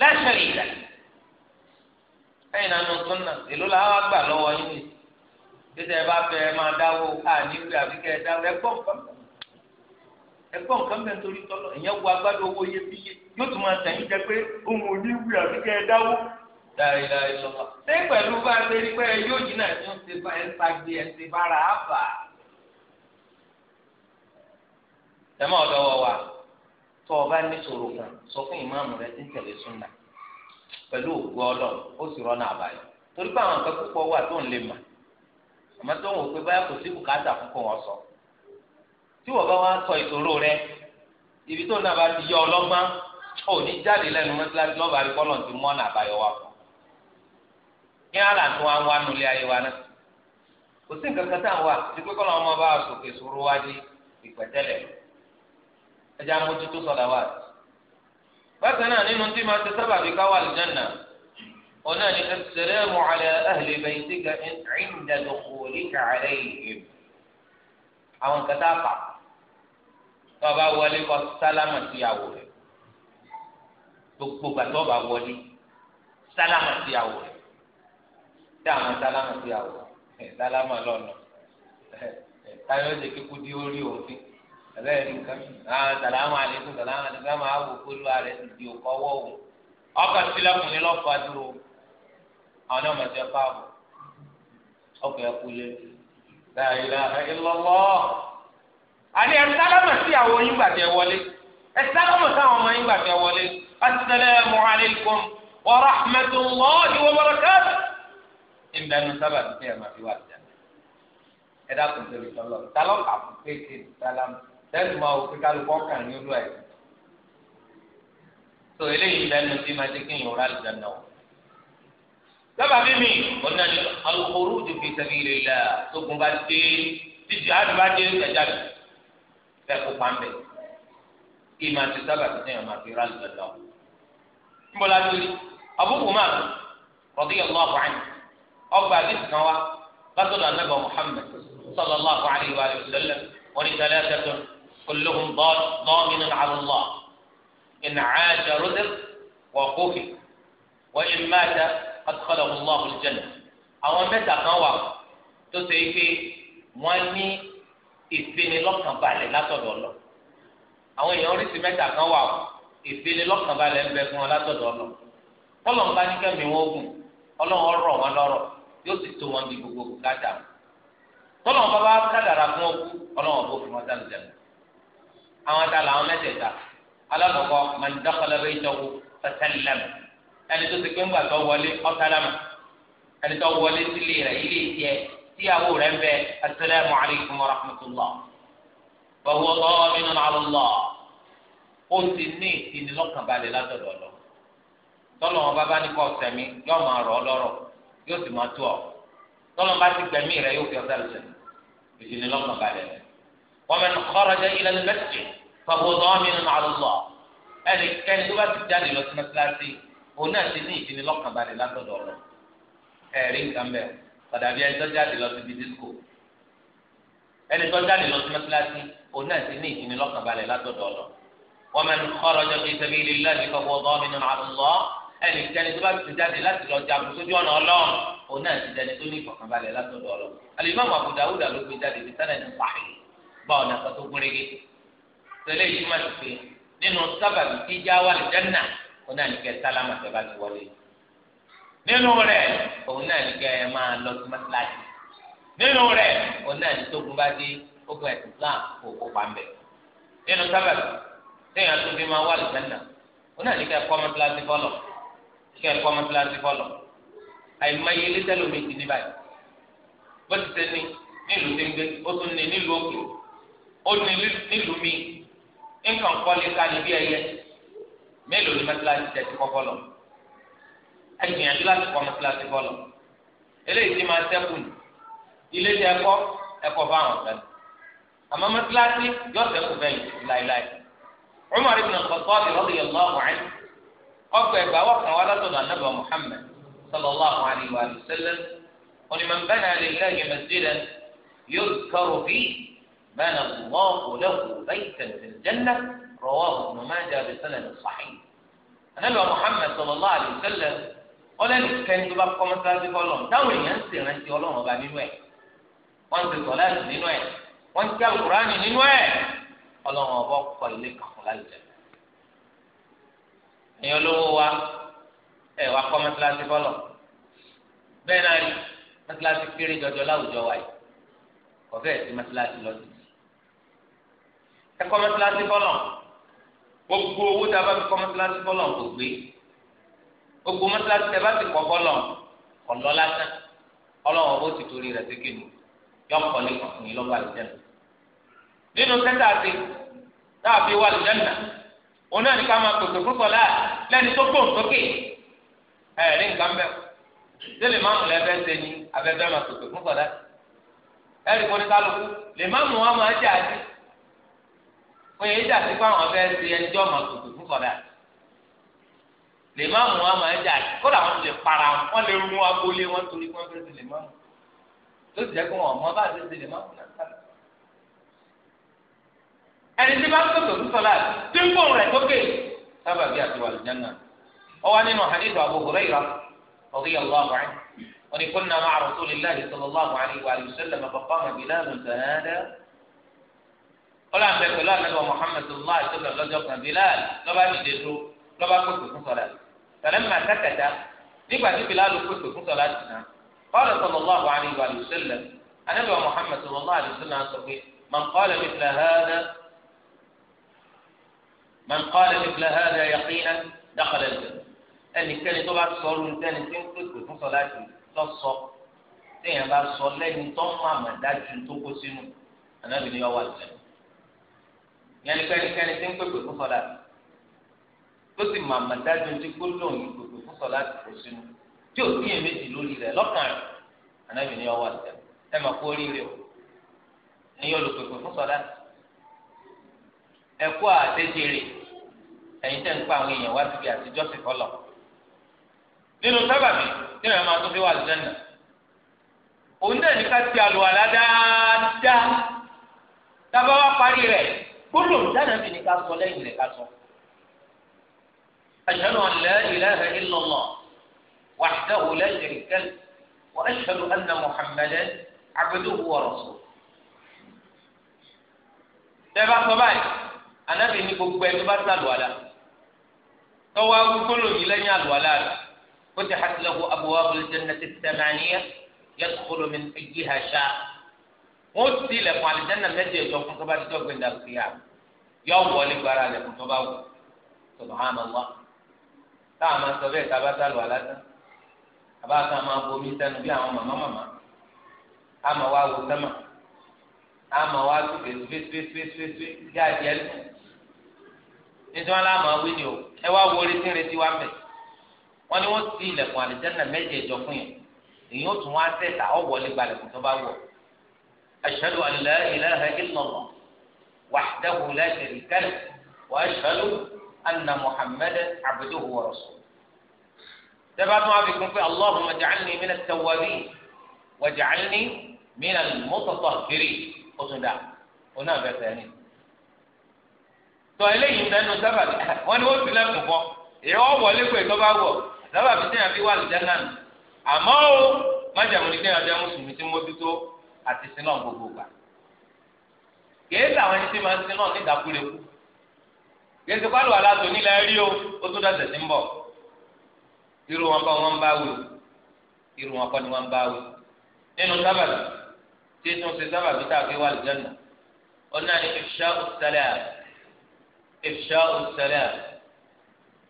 Speaker 1: lẹ́sẹ̀ ìlẹ̀ ẹ̀yin nanu sunna èló la wá gbà lọ́wọ́ yín ni títẹ̀ ẹ bá fẹ́ ẹ máa dáwó àní wí àbí kẹ́ ẹ dáwó ẹ gbọ́ nǹkan bẹ́ẹ̀ ẹ gbọ́ nǹkan bẹ́ẹ̀ nítorí tọ́lọ̀ ìyẹn wo agbádùn owó yẹ bí yé yóò tún máa tẹ̀yìn jẹ pé òun ò ní wí àbí ẹ dáwó dáre dáre lọ́wọ́ ṣé pẹ̀lú bá a ṣe rí pé yóò yín náà tún ṣe bá ẹ ṣàgbé ẹ ṣe bára àbà tẹ̀mọ́ ọ̀dọ́wọ́ wa tó o bá ní kan sọ fún ìmáàmù rẹ tí ń tẹ̀lé súnà pẹ̀lú ògùn ọlọ́run ó sì rọ́nà àbáyọ torí pé àwọn nǹkan púpọ̀ wà tó ń lè mà àmọ́ tó ń wò pé báyà kò sí bùkátà wọn sọ tí wọ́n bá ibi tó yọ ọlọ́gbọ́n ní jáde lẹ́nu mọ́tíláṣí lọ́ba ti mú ọ̀nà àbáyọ wa fún kí á là wá wá nulẹ̀ ayé wa náà kò sí ẹjẹ amójútó sọlàwàtì bákan náà nínú tí máa ti sábàbí káwá àlùjánnà ọ̀nà ni assalamu ala ahli baytika inda dukhulika alayhim àwọn kẹta pa tọba wọlé kọ sálámà síyàwó rẹ gbogbo gbàtọba wọlé sálámà síyàwó rẹ tí àwọn sálámà síyàwó rẹ sálámà lọnà táyọ̀ ṣe kíkú di orí òfin abẹ́rẹ́ ní nǹkan náà ah, sàlámù àlékún sàlámù àlékún ká máa wò kó lóra rẹ̀ di òkò ọwọ́ òun ọkọ̀ sílẹ̀kùn ní lọ́fà dúró àwọn náà mọ̀tẹ́ káàbọ̀ ọkọ̀ ẹ̀kú lé láàyè láàyè lọ́wọ́. àní ẹ sálámà sí àwọn yín gbàtẹ wọlé ẹ sálámà sáwọn ọmọ yín gbàtẹ wọlé asalaamu alaykum wa rahmatulahi wa barakatu. ìbẹnu sábà ti tẹ̀ ẹ̀ máa fi wá àti ẹ̀ ẹ̀ dákun tó lè sọ kà fún pété sálámù lẹ́nu máa wò pé kálukọ́ kàn ní olú ẹ̀ tó eléyìí lẹ́nu tí máa jẹ́ kéèyàn rà lùdà náà sábà mímì ọ̀nà ni alukoro ti fi sẹ́bi ilé la tókun bá dé títí àti bá dé ẹja mi fẹ́ kó pàmbẹ́ kí máa ti sábà ti sẹ́yìn máa fi rà lùdà náà nbola tó yìí abúkù máa rọ̀bí ọ̀gbọ́n àbọ̀ ọgbà àdìsí kan wá látọ̀dọ̀ anábọ̀ Muhammad sallallahu alayhi wa sallam wọn كلهم ضامن على الله إن عاش رزق وقوفي وإن مات أدخله الله الجنة àwọn mẹ́ta kan wà tó ṣe é pé wọ́n ní ìfinilọ́kànbalẹ̀ látọ̀dọ̀ lọ àwọn èèyàn oríṣi mẹ́ta kan wà ìfinilọ́kànbalẹ̀ ń bẹ fún wọn látọ̀dọ̀ lọ tọ́lọ́n bá ní kẹ́mi wọn ogun ọlọ́run rọ̀ wọn lọ́rọ̀ yóò sì tó wọn bí gbogbo kádà tọ́lọ́n bá bá kádàrà fún ọkú ọlọ́run bó fún wọn dánilẹ́nu àwọn ta làwọn mẹ́tẹ̀ẹ̀ta alákọ̀ọ́kọ́ man dakhala baytahu fasallama ẹni tó ti pé ńgbà tó wọlé ọ̀sálámà ẹni tó wọlé sílé rẹ̀ ilé ìjẹ tíyàwó rẹ̀ ń bẹ asalaamu alaykum wa rahmatulah wa huwa dhaminun ala Allah ti ní ìdínilọ́kànbalẹ̀ látọ̀dọ̀ lọ tọ́lọ̀ wọn bá bá ní kọ́ yóò máa rọ̀ ọ́ yóò sì máa tó ọ tọ́lọ̀ bá ti gbẹ̀mí rẹ̀ yóò fi ọ̀sẹ̀ lọ́sẹ̀ ìdínilọ́kànbalẹ̀ rẹ̀ ومن خرج إلى المسجد فهو ضامن على الله أنا كان دوبك جاني لو سمعت لاتي وناس يجي في نلقى باري لا تدور أرين إيه، كمبر قد أبي أنت جاني لو سمعت ديسكو أنا تقول جاني لو سمعت لاتي وناس يجي في نلقى باري لا تدور ومن خرج في سبيل الله فهو ضامن على الله أنا كان دوبك جاني لا تدور جاب سجون الله وناس يجي في نلقى باري لا تدور الإمام أبو داود قال لك جاني في سنة صحيح gba ọ̀nà kan tó gúnrégé tẹ́lẹ̀ yìí má ti pé nínú sábàbí tí ìjà wà lè jẹ́nà òun náà ní kẹ́ sálámà tẹ́ bá ti wọlé nínú rẹ̀ òun náà ní kẹ́ máa lọ sí mọ́tíláàjì nínú rẹ̀ òun náà ní tógun bá dé ogun ẹ̀sìn Islam kò kó pa mbẹ̀ nínú sábàbí téèyàn tó fi máa wà lè jẹ́nà òun náà ní kẹ́ kọ́ mọ́tíláàjì fọlọ̀ kẹ́ kọ́ mọ́tíláàjì fọlọ̀ àìmọye ilé tẹ́lómi ti ní báyìí bó ti ṣe ní nílùú ti ń gbé ó tún ní nílùú òkè ó ní nílùú mi nǹkan kọ́lé ká ní bí ẹyẹ mélòó ni mẹ́tíláṣí tẹ̀ ti kọ́ bọ́ọ̀lù ẹgbìyànjú láti kọ́ mẹ́tíláṣí bọ́ọ̀lù eléyìí ti máa sẹ́kù ní ilé tí ẹkọ́ ẹkọ́ bá àwọn ọ̀fẹ́ àmọ́ mẹ́tíláṣí yóò sẹ́kù bẹ́yìn láéláé Umar ibn al-Khattab radiyallahu anhu ọgbà ẹgbà wà kàn wá látọ̀dọ̀ anábà Muhammad sallallahu alayhi wa sallam onímọ̀ bẹ́ẹ̀ náà lè lẹ́yìn masjidan yóò kọ́rọ̀ bíi كان الله له بيتا في الجنة رواه ابن ماجه بسند صحيح أنا لو محمد صلى الله عليه وسلم قال لي كان يبقى مساجد الله داوي ينسي رنسي الله وبا نينوي وانت صلاة نينوي وانت القرآن نينوي الله وبا قال لك خلال الجنة يقولوا olówó wa ẹ̀ wá kọ́ mẹ́tíláṣí bọ́lọ̀ bẹ́ẹ̀ náà rí mẹ́tíláṣí kéré jọjọ láwùjọ wa yìí sí mẹ́tíláṣí lọ ẹ kọ́ mọ́sálásí fọlọ́ gbogbo owó tá a bá fi kọ́ mọ́sálásí fọlọ́ kò gbé gbogbo mọ́sálásí tẹ bá ti kọ́ fọlọ́ ọ̀lọ́ lásán ọlọ́wọ́n bó ti torí rẹ̀ sékè nù yọ ọkọ̀ ní kọ̀ọ̀kan yìí lọ́gbà àlùjẹ́nà nínú sẹ́tà àti táàbí wà àlùjẹ́nà òun náà ní ká máa pèsè fún sọlá lẹ́ni tó gbòǹ sókè ẹ̀ ní nǹkan bẹ́ẹ̀ tẹ́lẹ̀ máa mú lẹ́fẹ́ ṣe ni abẹ́fẹ́ máa pèsè fún sọlá ẹ̀rí kọ́ni kálukú lè má mú wa máa jẹ́ àdí wọn yéé jà sí pé àwọn fẹ́ẹ́ ṣe ẹni tí ọmọ kòtò fún sọdá lè má mú wọn máa jà kódà wọn lè para wọn lè mú agboolé wọn torí wọn fẹ́ẹ́ ṣe lè má mú tó sì jẹ́ pé wọn mọ bá ṣe ṣe lè má mú náà ẹni tí bá fún tí ń àti nínú Abu wọn ni wa sallam pẹ̀lú ànábọ̀ Muhammad sallallahu alaihi wasallam lọ́jọ́ kan Bilal lọ́ba dìde tó lọ́ba pèsè fún sọ̀lá tẹ̀lẹ́ mà sákàtà nígbà tí Bilal pèsè fún sọ̀lá ti tán qala sallallahu alaihi wa sallam ànábọ̀ Muhammad sallallahu alaihi wasallam sọ pé man qala mithla hadha man qala mithla hadha yaqinan dakhala al-jannah ẹnikẹ́ni tó bá sọ̀rọ̀ ẹnikẹ́ni tó ń pèsè fún sọ̀lá ti lọ́sọ̀ téèyàn bá sọ lẹ́ni tó ń mọ̀ àmàdájú tó kó sínú ànábìnrin ọwọ́ àtẹ̀lẹ́ ìyẹn ní kẹ́nikẹ́ni tí ń pèpè fún sọ́lá tó sì mà mà dájú tí gbólóhùn yìí pèpè fún sọ́lá ti kò sínú tí ò sí èméjì lórí rẹ̀ lọ́kàn rẹ̀ ànábì ní ọwọ́ àtẹ ẹ mà kú oríire o ẹ̀yin olùpèpè fún sọ́lá ẹ kú àtẹ́jẹrè ẹ̀yin ń pa àwọn èèyàn wá síbi àtijọ́ sí fọlọ́ nínú sábàbí tí wọn máa tún fi wà lùdẹ́ òun náà ní ká ti àlùwàlá dáadáa tábà wá parí rẹ̀. gbólóhùn dáná bí ni ká sọ lẹ́yìn rẹ̀ ká sọ. أشهد أن لا إله إلا الله وحده لا شريك له وأشهد أن محمدا عبده ورسوله tẹ́lá sọ báyìí anábì ní gbogbo ẹni bá sá lùwàlà tọ́wọ́ agbókòlò yìí lẹ́yìn àlùwàlà rẹ̀ kó ti hasilahu abuwa bolo jẹ́ nàti tẹ̀mánìyà yẹ kúló mi ẹ̀jì hà ṣáà. wọn ó sì ilẹ̀kùn alìjẹ́nà méjì ẹ̀jọ́ fún tó bá ti dọ́gbìn dà sí yà yọ wọlé gbára ilẹ̀kùn tó bá wù subhanallah táwọn máa sọ bẹ́ẹ̀ tábà sálù alásán àbá kan máa bomi sẹ́nu bí àwọn màmá màmá àmọ́ wa wò sẹ́mà àmọ́ wa tó fèsìfèsìfèsìfèsì yá ìyẹn lù nítorí wọn láàmú awé ni o ẹ wá wo orí sínú wa mẹ wọn ni wọn sì ilẹ̀kùn alìjẹ́nà méjì ẹ̀jọ́ fún yẹn èyí ó tún wá sẹ́ta ọ̀wọ́lé gbalẹ̀kùn tó bá wù ọ́. أشهد أن لا إله إلا الله وحده لا شريك له وأشهد أن محمدا عبده ورسوله تبعت معكم في اللهم اجعلني من التوابين واجعلني من المتطهرين قصد هنا بثاني tọ eléyìí mẹnu sábàbí wọn ni wọn fi lẹkùn fọ ìyẹwò wọlé pé tó bá wọ sábàbí tí wọn fi wà lùdẹ náà àmọ́ ó àti sinọ gbogbo gbà kèé làwọn ẹni tí máa ń sinọ ní ìdákúrekú kèé ti pálọ̀ aláàtò nílẹ̀ rí o ó tún dàtẹ̀ sí ń bọ̀ irú wọn kọ́ wọn bá wí o irú wọn kọ́ ni wọn bá wí nínú sábàbí tí tún ṣe sábàbí tá a fi wà lùjẹ́nà wọn náà ní ifṣá òṣìṣẹ́lẹ̀ ifṣá òṣìṣẹ́lẹ̀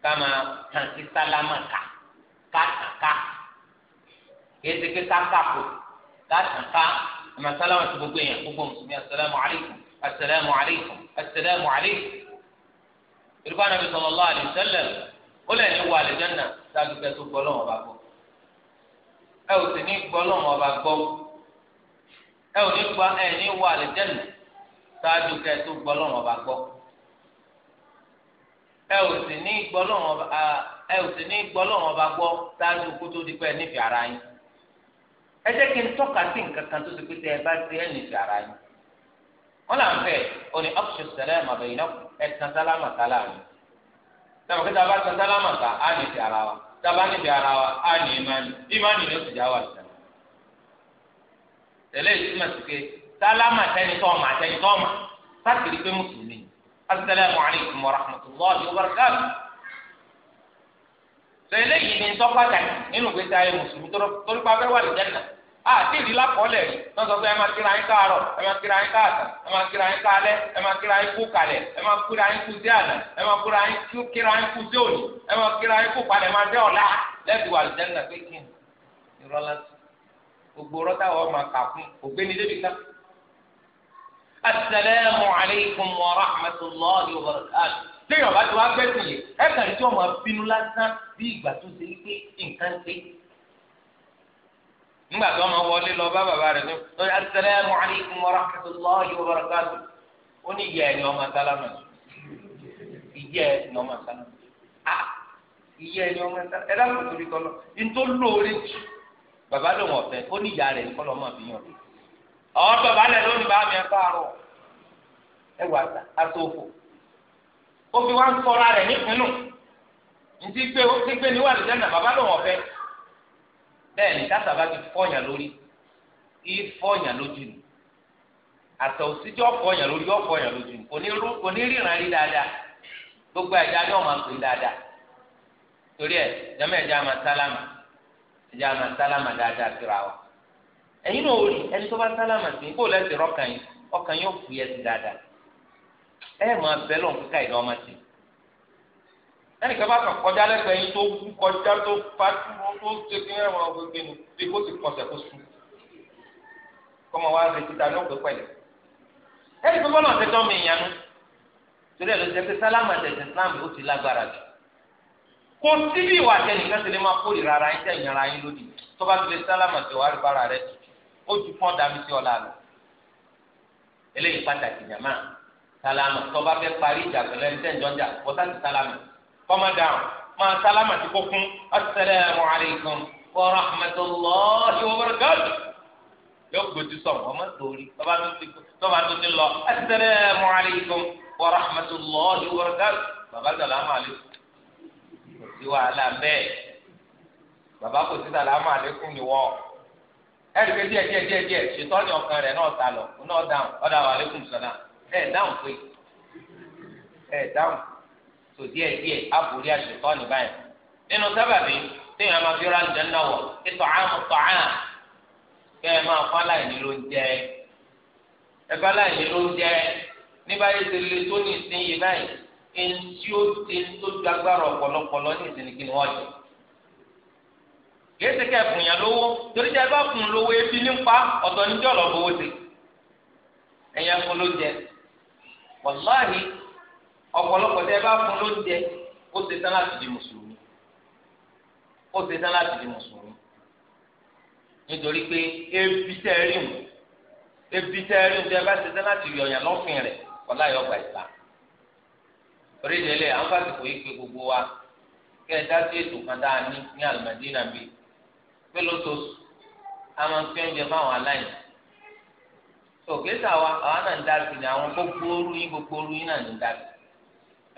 Speaker 1: ká máa tàn sí sálámà ká ká tàn ká kèé ti ké ká àmà sálámà tó gbogbo èèyàn gbogbo mùsùlùmí asalaamu alaykum asalaamu alaykum asalaamu alaykum. irúgbà nàbí sallallahu alaihi wasallam ó lẹ̀ ní wà àlùjánnà sáájú kẹ́ tó gbọ́ lọ́wọ́ bá gbọ́. ẹ ò sì ní gbọ́ lọ́wọ́ bá gbọ́ ẹ ò ní gbọ́ ẹ ní wà àlùjánnà sáájú kẹ́ tó gbọ́ lọ́wọ́ bá gbọ́. ẹ ò sì ní gbọ́ lọ́wọ́ bá gbọ́ sáájú kó tó di pẹ́ nífẹ̀ẹ́ ara yín ẹ jẹ́ kí n tọ́ka sí nǹkan kan tó ti pété ẹ bá ti ẹnì sí ara yín wọn là ń fẹ́ òní ọ̀pṣẹ̀ sẹ́lẹ̀ màbẹ̀ yìí náà ẹ tán sálámà kálá mi sábà kí sábà tán sálámà ká á nì sí ara wa sábà nì sí ara wa á nì ìmánì ìmánì ló sì já wà lẹ́nu tẹ̀lé ìtumọ̀ sí pé sálámà tẹ́ni tọ́ọ̀mà tẹ́ni tọ́ọ̀mà sátìrì pé mùsùlùmí assalamu alaikum wa rahmatullahi wa barakatuh sọ eléyìí ni tọ́ pàtàkì nínú gbèsè ayé mùsùlùmí torí pa abẹ́rẹ́ wà lè jẹ́nà a ti rí lakọ́lẹ̀ rí wọ́n sọ pé ẹ máa kíra yín káàárọ̀ ẹ máa kíra yín káàtà ẹ máa kíra yín káalẹ́ ẹ máa kíra yín kú kalẹ̀ ẹ máa kíra yín kú sí àná ẹ máa kíra yín kú kíra yín kú sí òní ẹ máa kíra yín kú palẹ̀ máa dé ọ̀la lẹ́bi wà lè jẹ́nà pé kí ni ìrọ̀lá gbogbo rọ́tà wọ́n máa kà fún ògbéni débi ká. asalaamualeykum wa rahmatulahi wa barakatuh téèyàn bá ti wá gbẹ́sìn yìí ẹ̀ka tí wọ́n máa bínú lásán bí ìgbà tó ṣe wípé nǹkan ṣe. nígbà tó máa wọlé lọ bá bàbá rẹ̀ tó ṣe asalaamu alaykum wa rahmatulahi wa barakatu ó ní ìyá ẹni ọmọ sálámà ìyá ẹni ọmọ sálámà a ìyá ẹni ọmọ sálámà ẹ dáhùn torí kọlọ ntó lóore jù bàbá lòun ọ̀fẹ́ ó ní ìyá rẹ̀ kọlọ ọmọ fi yàn ọ bàbá rẹ̀ lónìí bá mi ẹ káàárọ̀ ẹ wà á sọ fún ó fi wá ń sọra rẹ nípinnu ntí gbé tí gbé náà bàbá ti fọyàn lórí kí fọyàn lójú ni àtọ̀ òsíjọ́ fọyàn lórí yọ fọyàn lójú ni kò ní ríran rí gbogbo ni máa pè dáadáa torí ẹ jẹmọ ẹja máa sálámà máa sálámà dáadáa síra wa ẹyin náà ó rí ẹni tó bá sálámà sí kó yìí ọkàn yóò ẹ máa bẹ lọ́n kíkà ìdá ọmọ sí ẹnì kan bá kàn kọjá lẹ́gbẹ̀ẹ́ yín tó kú kọjá tó tó ṣe wọn gbẹgbẹ nù bí kò sì kó sùn wa ṣe títa ní òpè pẹ̀lẹ́ ẹnì kan bọ́lọ̀ tẹ́tọ́ mi ìyanu torí ẹ̀ ló jẹ́ pé sálámà ó ti lágbára jù ti máa kórè rárá yín tẹ̀ yàrá yín lódì tó bá tilẹ̀ sálámà tẹ̀ wá bára rẹ̀ ó ju sálámà tọ́ba fẹ́ parí ìjà pẹ̀lú ẹni tẹ́ ń jọjà wọ́tá ti sálámà kọ́má dáhùn máa sálámà ti kó fún asalaamu alaykum wa rahmatulahi wa barakatu yóò gbòdì sọ̀rọ̀ ọmọ torí tọ́ba tó ti tọ́ba tó ti lọ asalaamu alaykum wa rahmatulahi wa barakatu baba sálámà alaykum kò sí wàhálà bẹ́ẹ̀ baba kò sí sálámà alaykum ni wọ́n ẹ̀rí pé díẹ̀ díẹ̀ díẹ̀ díẹ̀ ṣètọ́ ni ọkàn rẹ̀ náà sálọ náà dáhùn ọ̀dà wa alaykum salaam. ẹ dáhùn pé ẹ dáhùn tó díẹ̀ díẹ̀ àbúrí àṣetọ́ ní báyìí nínú sábàbí téèyàn máa fi ra ǹjẹ́ náà wọ̀ ètò àrùn tọ̀ àrùn kẹ́ ẹ máa fọ́ aláìní ló ń jẹ ẹ fọ́ aláìní ló ń jẹ ní báyìí ti le tó ní ìsinyìí báyìí ti tó ju agbára ní ni wọ́n jẹ kìí ṣe kẹ́ẹ̀fùn yàn lówó torí jẹ́ bá fún lówó wàláhì ọ̀pọ̀lọpọ̀ tẹ́ ẹ bá fún lóúnjẹ ó ṣe tán láti di mùsùlùmí ó ṣe tán láti di mùsùlùmí nítorí pé ebi tẹ́ ẹ rí ebi ẹ ẹ bá ṣe tán láti lọ́fìn wàláhì ọgbà gbogbo wa ẹ dá sí ètò kan dáa ní ní òkè sàwa àwọn náà ń dàbí ni àwọn gbogbo orú yín gbogbo orú yín náà ń dàbí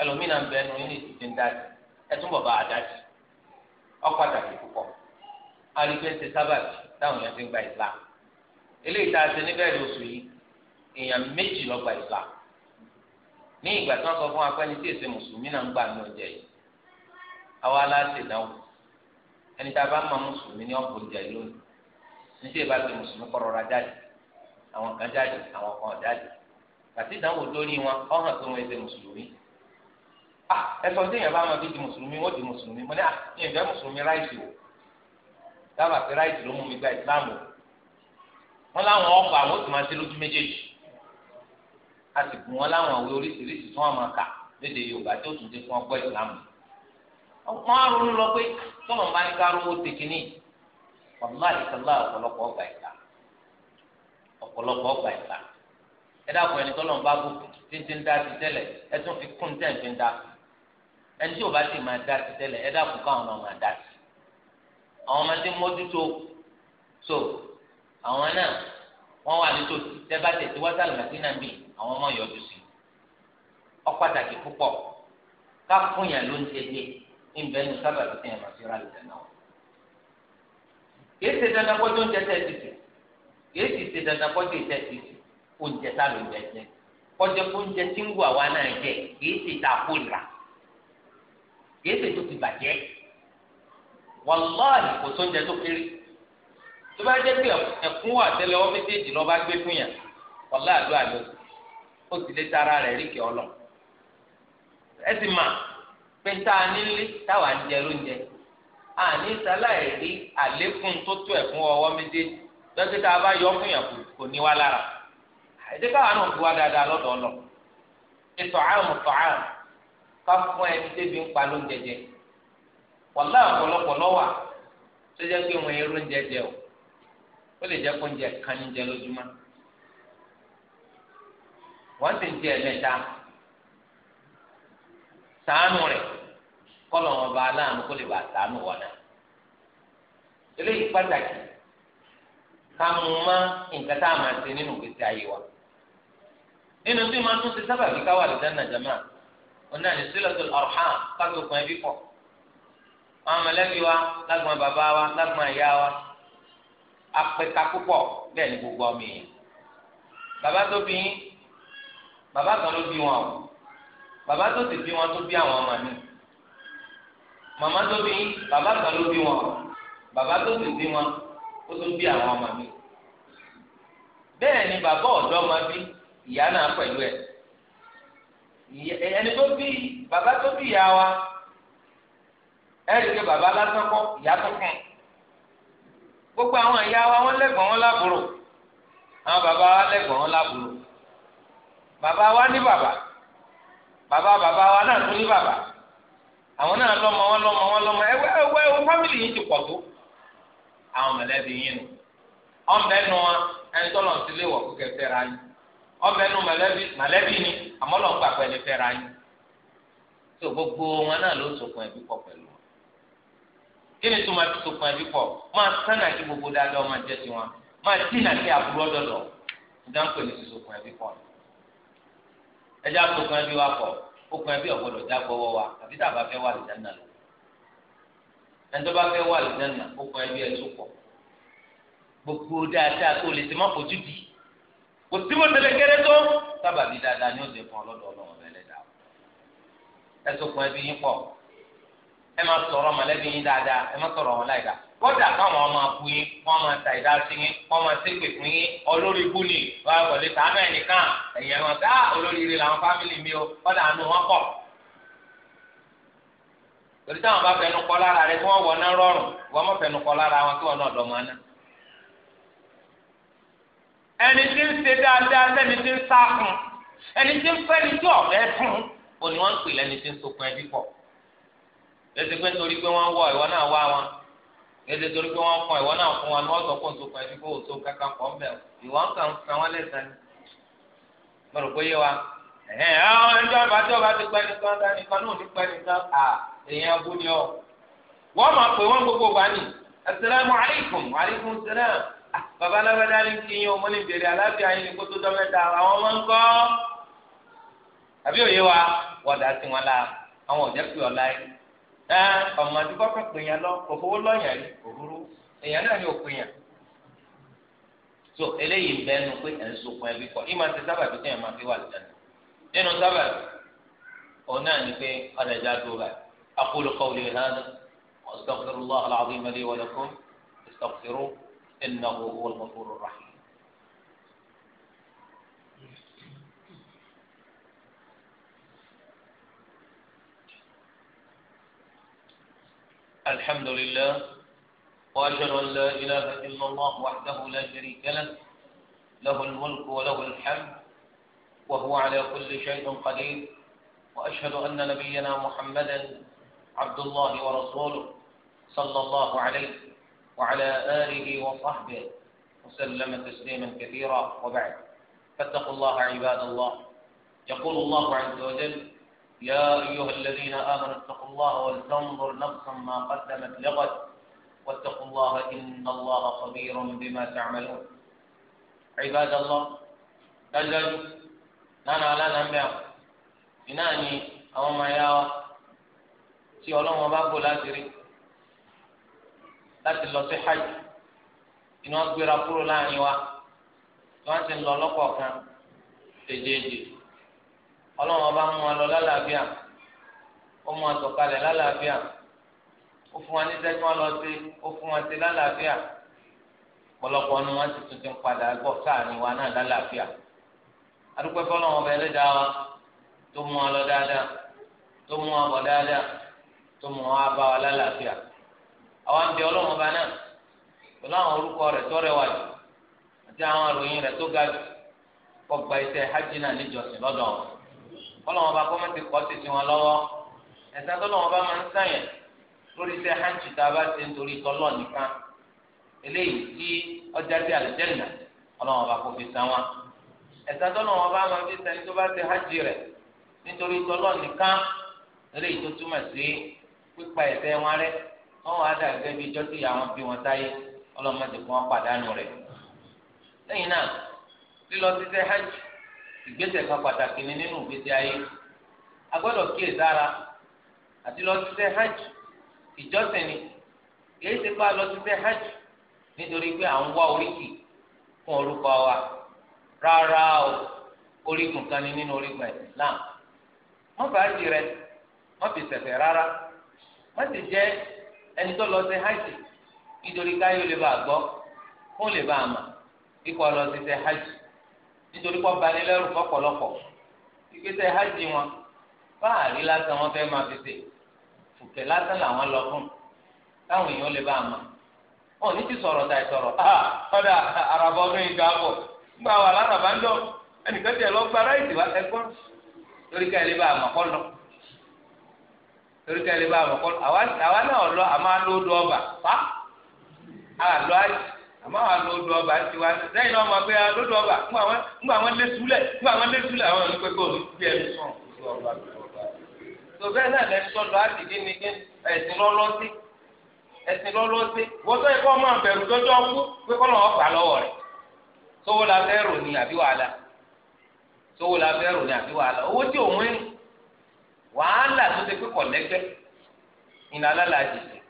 Speaker 1: ẹlòmíín náà ń bẹ ẹnu yín ní ìtútù ń dàbí ẹtún bọ̀bá àdájì ọ̀pàtàkì púpọ̀ alùpùpù ṣe sábàbí táwọn yẹn ti ń gba ìlà eléyìí tá a ṣe níbẹ̀ lóṣù yìí èèyàn méjì lọ gba ìlà ní ìgbà tí wọ́n sọ fún apẹ́ni tí èsè mùsùlùmí náà ń gbà ní ọjà yìí àwa aláṣẹ ìdánwò ẹni tá a bá mọ mùsùlùmí ní ọ̀pọ̀ ìjà yìí lónìí ní tí èèyàn bá ti mùsùlùmí kọ́ rọra jáde àwọn kan jáde àwọn kan jáde àti ìdánwò lórí wọn ọ hàn pé wọn ṣe mùsùlùmí ẹsọ tí èèyàn bá máa fi di mùsùlùmí wọn di mùsùlùmí mo ní à ní ìfẹ́ mùsùlùmí ráìsì o dábàá pé ráìsì ló mú mi gba ìsìláàmù o wọn láwọn ọkọ àwọn tó máa ṣe lójú méjèèjì a sì kún wọn láwọn òwe oríṣiríṣi tí wọn máa kà léde Yorùbá tí ó tún dé fún ọgbọ ìsìláàmù wọn á ronú lọ pé tọ́lọ̀ ń bá ní ká rówó tekiní wàlúwàlú sọlá ọ̀pọ̀lọpọ̀ ọgbà yìí ọ̀pọ̀lọpọ̀ ọgbà ìgbà ẹ dàpọ̀ ẹni tọ́lọ̀ ń bá bò títí ń dá ti tẹ́lẹ̀ ẹ tún fi kún tẹ̀ ń fi ń dá ẹni tí ò bá ti máa dá ti tẹ́lẹ̀ ẹ dàpọ̀ káwọn náà máa dá ti àwọn ọmọdé mójútó so àwọn náà wọ́n wà nítòsí tẹ́ bá tẹ̀ tí wọ́n sálùmọ́ sí náà bíi àwọn ọmọ yọjú sí ọ pàtàkì púpọ̀ ká fún yàn ló ń tẹ́lẹ̀ níbẹ̀ ní sábà tó tẹ̀yàn máa fi ra lùtẹ̀ náà kì í ṣe dandan kó tó ń tẹ́tẹ́ tìtì kìí ti ṣe dandan kọjá ìjẹ ti oúnjẹ tá ló ń jẹ jẹ kọjá oúnjẹ tí ń wù àwa náà jẹ kìí ṣe tá a kó nira kìí ṣe tó ti bàjẹ́ wàláhì kò sóúnjẹ tó kéré tó bá jẹ́ pé ẹ̀kún wà tẹ́lẹ̀ ọ́ méjèèjì lọ́ bá gbé fún yàn wàláhì àdó àlọ́ ó sì lé tara rẹ̀ rí kí ọ lọ ẹ sì mà pé tá a nílé táwa ń jẹ lóúnjẹ àní sáláì rí àlékún tó tó ẹ̀kún ọwọ́ méjèèjì dókítà a bá yọ fún yàn kò ní wá lára àìsí káwọn náà bu wa dáadáa lọ́dọ̀ ọ̀lọ́ ètò àrùn tọ̀ àrùn ká fún ẹni débi ń pa ló ń jẹjẹ wàlá ọ̀pọ̀lọpọ̀ lọ́wà tó jẹ́ pé wọn eré oúnjẹ jẹ o ó lè jẹ́ kó oúnjẹ kan ní jẹ lójúmọ́ wọ́n ti ń jẹ ẹ̀mẹ́ta sàánù rẹ̀ kọ́ lọ́wọ́ bá aláàánú kó lè bá sàánù wọ̀ náà eléyìí pàtàkì ká mú má nǹkan tá a máa ṣe nínú gbèsè ayé wa nínú tí màá tún ṣe sábà bí káwá lè dáná jama ọ̀nà ní sílẹ̀tò ọ̀rọ̀hán kájọ kan ẹbí pọ̀ àwọn mọ̀lẹ́bí wa lágbọn bàbá wa lágbọn ìyá wa apẹ̀ka púpọ̀ bẹ́ẹ̀ ni gbogbo ọmọ èèyàn bàbá tó bí yín bàbá kan ló bí wọn o bàbá tó ti bí wọn tó bí àwọn ọmọ mi màmá tó bí yín bàbá kan ló bí wọn o bàbá tó ti bí wọn ó tún bí àwọn ọmọ mi bẹ́ẹ̀ ni bàbá ọ̀dọ́ máa bí ìyá náà pẹ̀lú ẹ̀ ẹni tó bí bàbá tó bí wa ẹ̀rí pé bàbá lásán kọ́ ìyá tó gbogbo àwọn ìyá wa wọ́n lẹ́gbọ̀n wọn lábúrò àwọn bàbá wa lẹ́gbọ̀n wọn lábúrò bàbá wa ní bàbá bàbá bàbá wa náà tún ní bàbá àwọn náà wọn lọ́mọ wọn lọ́mọ ẹwẹ́ àwọn mọ̀lẹ́bí yín nù ọ̀nbẹ nù wọn ẹni tó lọ sí léwọ̀ kó kẹfẹ́ ra yín ọ̀nbẹ nù mọ̀lẹ́bí ni àmọ́ lọ́n gbà pẹ̀lú fẹ́ ra yín tó gbogbo wọn náà ló sokùn ẹbí pọ̀ pẹ̀lú wọn kí ni tó máa fi sokùn ẹbí pọ̀ máa sánà kí gbogbo dáadáa ọmọ jẹ́ máa dínà kí àbúrò ọdọdọ. sísokùn ẹbí pọ̀ sokùn ẹbí wa pọ̀ okùn ẹbí ẹni tó bá fẹ́ wà lùdánà ó kọ ẹbí ẹ̀ tó pọ̀ gbogbo dáadáa tó lè ti má fojú di kò sí mo tẹ̀lé kéré tó sábàbí dáadáa ni ó dé fún ọlọ́dọ̀ ọlọ́run ọ̀bẹ lẹ́dà ẹ tó kọ ẹbí yín pọ̀ ẹ máa sọ̀rọ̀ mọ̀lẹ́bí yín dáadáa ẹ má sọ̀rọ̀ wọn láìda kódà káwọn ọmọ akú yín wọn máa ta ìdá sí yín wọn máa ṣépè fún yín olórí ikú ni wọn àgbọ̀lẹ̀ sàánú ẹ̀ nìkan ẹ̀yìn ẹ̀wọ̀n ah, olórí ire làwọn fámìlì mi o kódà àánú wọn pọ̀ torí táwọn bá fẹnu kọ lára rẹ kí wọn wọ náà rọrùn wọn mọ fẹnu kọ lára wọn kí wọn náà dọmọ náà. ẹni tí ń ṣe dáadáa sẹ́ni tí ń sá fún ẹni tí ń fẹ́ni tí ọ̀fẹ́ fún òní wọn ń pè lẹ́ni tí ń sokun ẹbí pọ̀. ètò pé torí pé wọ́n wọ ìwọ náà wá wọn ètò torí pé wọ́n fún ìwọ náà fún wọn ni wọ́n sọ fún sokun ẹbí pé òtó kankan pọ̀ ń bẹ̀ ìwọ ń kàn fún wọn lẹ́sàn-án. mo rò pé yé wa ẹ̀hẹ́n ẹ̀ èèyàn bú ni ọ wọ́n máa pè wọ́n gbogbo wa ni asalaamu alaykum alaykum salaam baba alábàdá ni kí yín ọmọ ní bèrè alábìá yín ní kótó dọ́mẹ́ta àwọn ọmọ ń kọ́ àbí òye wa wọ́n dà sí wọn la àwọn ọ̀jẹ̀ pè ọ́ láyé ẹ ọmọ àti kọ́kọ́ pè yẹn lọ kò lọ́yàn rí òróró èèyàn náà ni ò pè yẹn so eléyìí ń bẹ́ẹ̀ nu pé ẹ̀ ń sokun ẹbí kọ́ ìmọ̀ àti sábàbí tẹ̀yàn máa fi wà lẹ́nu nínú sábàbí òun náà ni pé ọ̀dà ìjà báyìí. أقول قولي هذا وأستغفر الله العظيم لي ولكم استغفروه إنه هو الغفور الرحيم الحمد لله
Speaker 2: وأشهد أن لا
Speaker 1: إله إلا الله وحده لا شريك له له الملك وله الحمد وهو على كل شيء قدير وأشهد أن نبينا محمدا عبد الله ورسوله صلى الله عليه وعلى آله وصحبه وسلم تسليما كثيرا وبعد فاتقوا الله عباد الله يقول الله عز وجل يا أيها الذين آمنوا اتقوا الله ولتنظر نفس ما قدمت لغد واتقوا الله إن الله خبير بما تعملون عباد الله dájọ́jú أنا لا mẹ́ọ̀ إناني أو ما يا tí ọlọ́wọ́n bá bò láti rí láti lọ sí tí ti ń lọ lọ́kọ̀ọ̀kan tẹ̀jẹ̀jẹ̀ ọlọ́wọ́n bá mú wọn lọ lálàáfíà ó mú wọn lálàáfíà ó fún wọn níṣẹ́ tí wọ́n lọ sí ó fún wọn sí lálàáfíà ti tún padà bọ̀ sáàrin wa náà lálàáfíà adúpẹ́ fọlọ́wọ́n bẹ ẹlẹ́dàá tó mú wọn lọ dáadáa tó mú wọn tó mọ wá bá wa lálàáfíà àwọn àbí náà pẹ̀lú àwọn orúkọ rẹ̀ tó rẹwà jù àti àwọn àròyìn rẹ̀ tó ga jù gba iṣẹ́ níjọsìn lọ́dọ̀ wọn kọ́ mẹ́tì kọ́ sí tiwọn lọ́wọ́ ẹ̀sán tó bá máa ń sàyẹn lórí iṣẹ́ hajj tá a bá ti ń torí tọ́lọ́ nìkan eléyìí tí ọjà bí àlùjẹ́nà fi wọn ẹ̀sán tó bá máa fi tó bá ti hajj rẹ̀ nítorí tọ́lọ́ nìkan eléyìí tó túmọ̀ pípa ẹ̀ṣẹ̀ wọn rẹ́ wọn wà á dà gẹ́gẹ́ bí wọn bí wọn ti fún wọn pàdánù lẹ́yìn náà lílọ hajj ìgbésẹ̀ kan pàtàkì ni nínú ayé a gbọ́dọ̀ kíyè sára àti lọ hajj ìjọsìn ni bá lọ títẹ hajj nítorí má sì jẹ́ ẹni tó lọ sí hajj nítorí káyọ̀ lè bá a gbọ́ fún lè bá a mà kíkọ́ lọ sí ṣe hajj nítorí kọ́ banilẹ́rù fọ́pọ̀lọpọ̀ ìgbésẹ̀ hajj wọn fáàrí lásán wọn fẹ́ máa fi ṣe fùkẹ́ lásán làwọn lọ fún táwọn èèyàn lè bá a mà ọ̀ ní ti sọ̀rọ̀ ta ìsọ̀rọ̀ ah, ọ̀dà àràbọ̀ mi ìgbà bọ̀ gbà wà lárabà ń dọ̀ ẹnìkan tiẹ̀ lọ gba ráìtì wá ẹgbọ́n torí ká ẹ lè bá a mà kọ́ lọ torí kẹ́lẹ́ bá àwọn kọ́lọ́ àwa náà lọ àmọ́ alódò ọba pa àlọ́ àjì àmọ́ alódò ọba ti wá lẹ́yìn náà mọ̀ pé alódò ọba ńgbà wọn lé súlẹ̀ ńgbà wọn lé súlẹ̀ àwọn ọ̀nà pẹ́kọ̀ bí ẹnu sàn sí ọba tó bẹ́ẹ̀ náà lẹ sọ̀dọ̀ àti kí ni ẹ̀sìn lọ́lọ́ sí ẹ̀sìn lọ́lọ́ sí wọ́n tó yẹ kó máa bẹ̀rù dọ́jọ́ kú pé kọ́ lọ́wọ́ fà lọ́wọ́ rẹ̀ sówó la fẹ́ rò àbí wàhálà sówó la fẹ́ rò àbí wàhálà owó tí òun ń wàhálà tó ti pé kọ̀lẹ́gbẹ́ ìnà alálàájì tẹ̀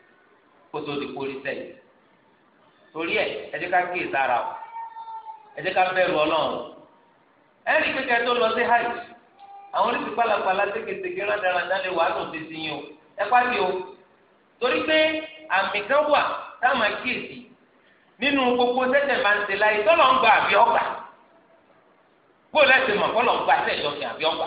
Speaker 1: kó tó di kórì sẹ́yìn torí ẹ̀ ẹ jẹ́ ká kíyè sára o ẹ jẹ́ ká bẹ̀rù ọlọ́run ẹ rí kékeré tó lọ sí hajj àwọn oríṣi pálapàla ségesège rádaràdá lè wàá tó ti sí yín o ẹ pàdé o torí pé àmì kan wà táwọn akíyèsí nínú gbogbo sẹ́sẹ̀ máa ń ṣe láyé tọ́lọ́ ń gba àbí ọgbà kó lẹ́sìn mọ̀ kọ́lọ́ ń gba sẹ́ẹ̀dọ́sìn àbí ọgbà.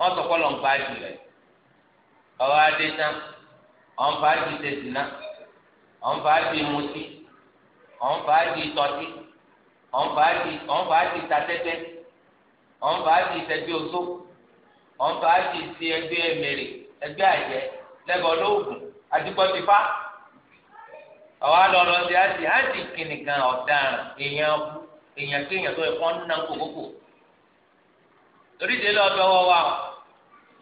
Speaker 1: wọn sọ kọlọ ń bá jù rẹ ọwọ adé tán ọ̀n bá jù tẹ̀sínà ọ̀n bá jù mutí ọ̀n bá jù tọ́tí ọ̀n bá jù ọ̀n bá jù tatẹ́tẹ́ ọ̀n bá jù tẹ̀gbẹ́ oṣó ọ̀n bá jù ti ẹgbẹ́ ẹ̀mẹ̀rẹ̀ ẹgbẹ́ àjẹ́ lẹ́bọ̀ lóògùn adúgbòtìfá ọ̀wọ́ alọ́rọ̀ ṣe àti àti kìnìkan ọ̀daràn èèyàn èèyàn kéèyàn tó yẹ kó ń ná kókókó torí ìdílé ọ̀dọ́ wọ́wọ́ àwọn.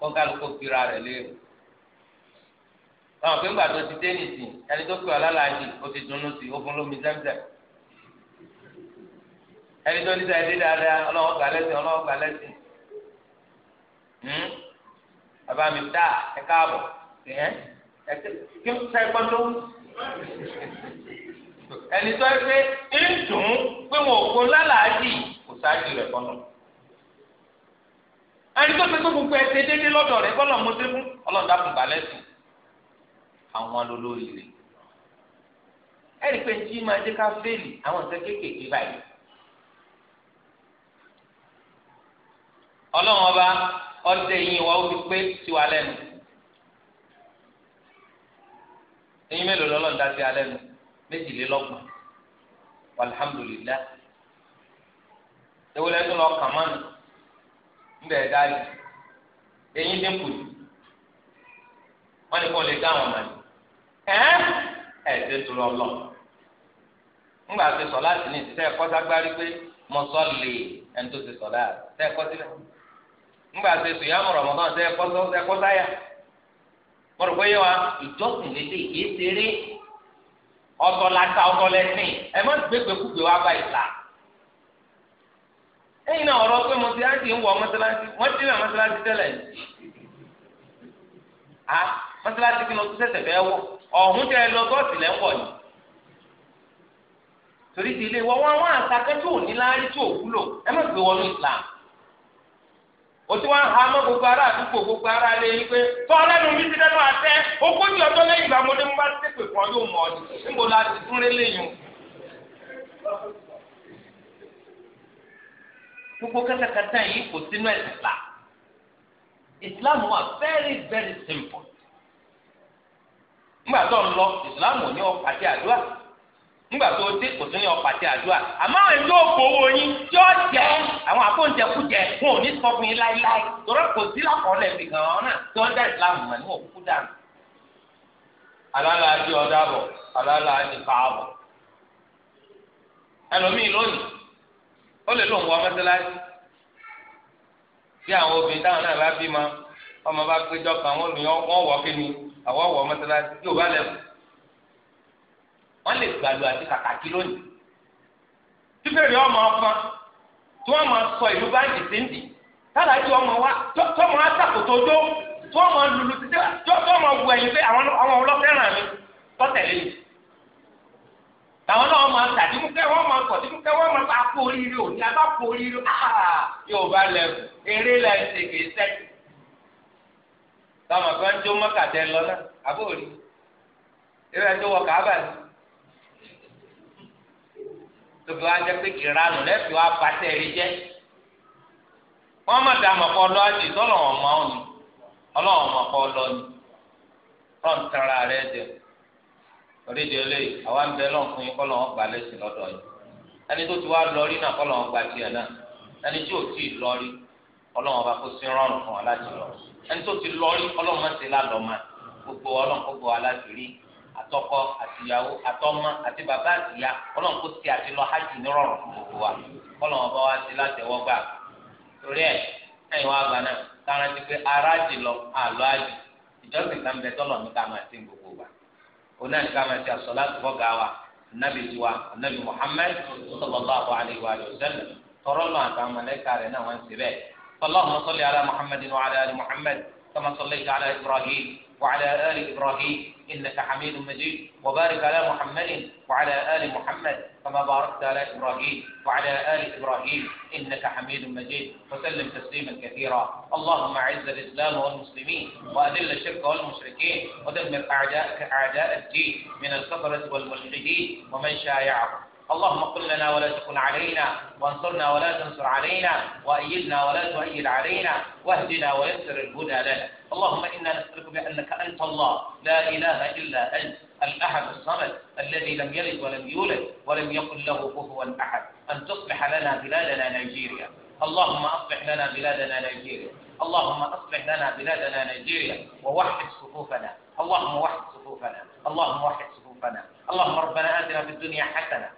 Speaker 1: kọ́ńkálukó fira rẹ̀ léèrè báwọn pé ńgbà tó ti dé nìsín ẹni tó pè ọ́ lálàájì ó ti dunnú sí ó fún lómi zẹ́mzẹ́m ẹni tó ní sẹ́ ẹdí dáadáa ọlọ́wọ́ gbà lẹ́sìn ọlọ́wọ́ gbà lẹ́sìn hmm? bàbá mi dá ẹ káàbọ̀ ẹ kí n sẹ́ gbọ́dọ̀ ẹni tó ẹ pé ń dùn pé wọn ò kó lálàájì kò sáájú rẹ̀ kọ́nà ẹni tó ti tó gbogbo ẹsẹ déédéé lọ́dọ̀ rẹ bọlọ mọtẹ fún ọlọdà fún balẹ sùn àwọn olólórí rẹ ẹni pé tí máa dé ká fẹlì àwọn ìṣe kéékèèké báyìí Ọlọ́run ọba ọdẹ yìí wà ó fi pé tiwa lẹ́nu eyín mélòó lọlọrun dá sí alẹ́ nu méjìlélọ́gbọ̀n alhamdulilayi ewúlẹ tó lọ kàn ńbẹ dálì eyín dínkù ni wọn ní kó lè dá wọn màlì ẹ ẹ ṣe tó lọ lọ ńgbà tó sọ láti ní sẹ ẹkọ sagbárí pé mo sọ lè ẹni tó ti sọ láà sẹ ẹkọ sílẹ̀ ńgbà tó sọ yàmù rọmọdán sẹ ẹkọ sọ ẹkọ sáyà mo rò pé yẹ wa ìjọsìn lédè kìí ṣeré ọ̀tọ̀ làtà ọ̀tọ̀ lẹsìn ẹ má gbégbé kúgbé wa bá ìlà. lẹ́yìn náà ọ̀rọ̀ pé mo ti ájì ń wọ ti rà ní. a mọ́sálásí kí ni o tún tẹ lọ ti ilé wọn wọn wọn tí ò wúlò ẹ má gbé wọnú Islam. o ti wá ha mọ́ gbogbo ará àdúgbò gbogbo ará lé yín pé tọ́ lẹ́nu mi ti dẹ́nu àtẹ́ ogójì ọjọ́ lẹ́yìn ìgbà gbogbo kẹtẹkẹtẹ yìí kò sínú ẹ̀sìn Islam Islam very very simple Mgbasa tó lọ Islam ò ní ọ̀pá tí àdúrà nígbà tó dé kò tún ní ọ̀pá tí àmọ́ àwọn jẹ àwọn àpòǹjẹkújẹ wọn ò ní sọ fún tọ́lá kò sí lákọọ́lẹ̀ fi tí wọ́n dá Islam mọ̀ ní dànù. alálàájú ọ̀dà bọ̀ alálàájú ó lè lóun wọ mọ́sálásí bí àwọn obìnrin táwọn náà bá bímọ ọmọ bá péjọ kan wọn lù wọn wọ kí ni àwọn wọ mọ́sálásí yóò bá lẹ̀ wọ́n lè gbàlù àti kàkàkí lónìí tí bèrè ọmọ ọfọn tí wọ́n máa sọ ìlú báńkì síndì tára tí wọ́n máa wá tí wọ́n máa sàkótó dó tí wọ́n máa lulu títí tí máa wù ẹ̀yìn pé àwọn ọlọ́fẹ́ràn mi tọ́tẹ̀lé yìí làwọn náà máa ń tàdínkùkẹ́ wọ́n máa ń kọ̀dínkùkẹ́ wọ́n máa ń ta kó oríire òní abá kó oríire áà yóò bá lẹ́wọ̀ eré la ń ṣe kì í sẹ́. táwọn àgbà ń jó mọ́kàtẹ́ lọ náà àbóòrí eré ẹjọ́ wọ kàábà ni. tóbi wá jẹ́ pé kìránù lẹ́fì wá bàtẹ́ rí jẹ́. wọ́n mọ̀ dà mọ̀kọ́ lọ àti tọ́lọ̀ ọ̀mọ́ ọ̀nì ọlọ́ọ̀mọ̀kọ́ lọ ni. ọ̀n rẹ̀ jẹ́ oríṣi eléyìí àwa ń bẹ lọ́n fún yín kọ́ lọ́n gba lẹ́sìn lọ́dọ̀ yìí ẹni tó ti wá lọ́rí náà kọ́ lọ́n gba tiẹ̀ náà ẹni tí ò tí ì lọ́rí ọlọ́run ọba kó sí rọrùn fún wa láti lọ ẹni tó ti lọ́rí ọlọ́run má ti lálọ́ ma gbogbo ọlọ́run kó gbọ́ wa láti rí àtọkọ àtìyàwó àtọmọ àti bàbá àtìyá ọlọ́run kó ti àti lọ hajj ní rọrùn fún gbogbo wa onáà ní ká máa ṣe àsọlá tó fọ́ gàá wa anabi tiwa anabi muhammed sallallahu alayhi wa sallam tọrọ lọ àtàwọn mọlẹ́kà rẹ̀ náà wọ́n ń ṣe bẹ́ẹ̀. allahumma salli ala muhammadin wa ala ali muhammad kama sallaita ala ibrahim وعلى آل إبراهيم إنك حميد مجيد وبارك على محمد وعلى آل محمد كما باركت على إبراهيم وعلى آل إبراهيم إنك حميد مجيد وسلم تسليما كثيرا اللهم أعز الإسلام والمسلمين وأذل الشرك والمشركين ودمر أعداءك أعداء الدين من الكفرة والملحدين ومن شايعهم اللهم اغفر لنا ولا تكن علينا وانصرنا ولا تنصر علينا وأيدنا ولا تؤيد علينا واهدنا ويسر الهدى لنا اللهم إنا نسألك بأنك أنت الله لا إله إلا أنت الأحد الصمد الذي لم يلد ولم يولد ولم يكن له كفوا أحد أن تصلح لنا بلادنا نيجيريا اللهم أصلح لنا بلادنا نيجيريا اللهم أصلح لنا بلادنا نيجيريا ووحد صفوفنا اللهم وحد صفوفنا اللهم وحد صفوفنا اللهم ربنا آتنا في الدنيا حسنة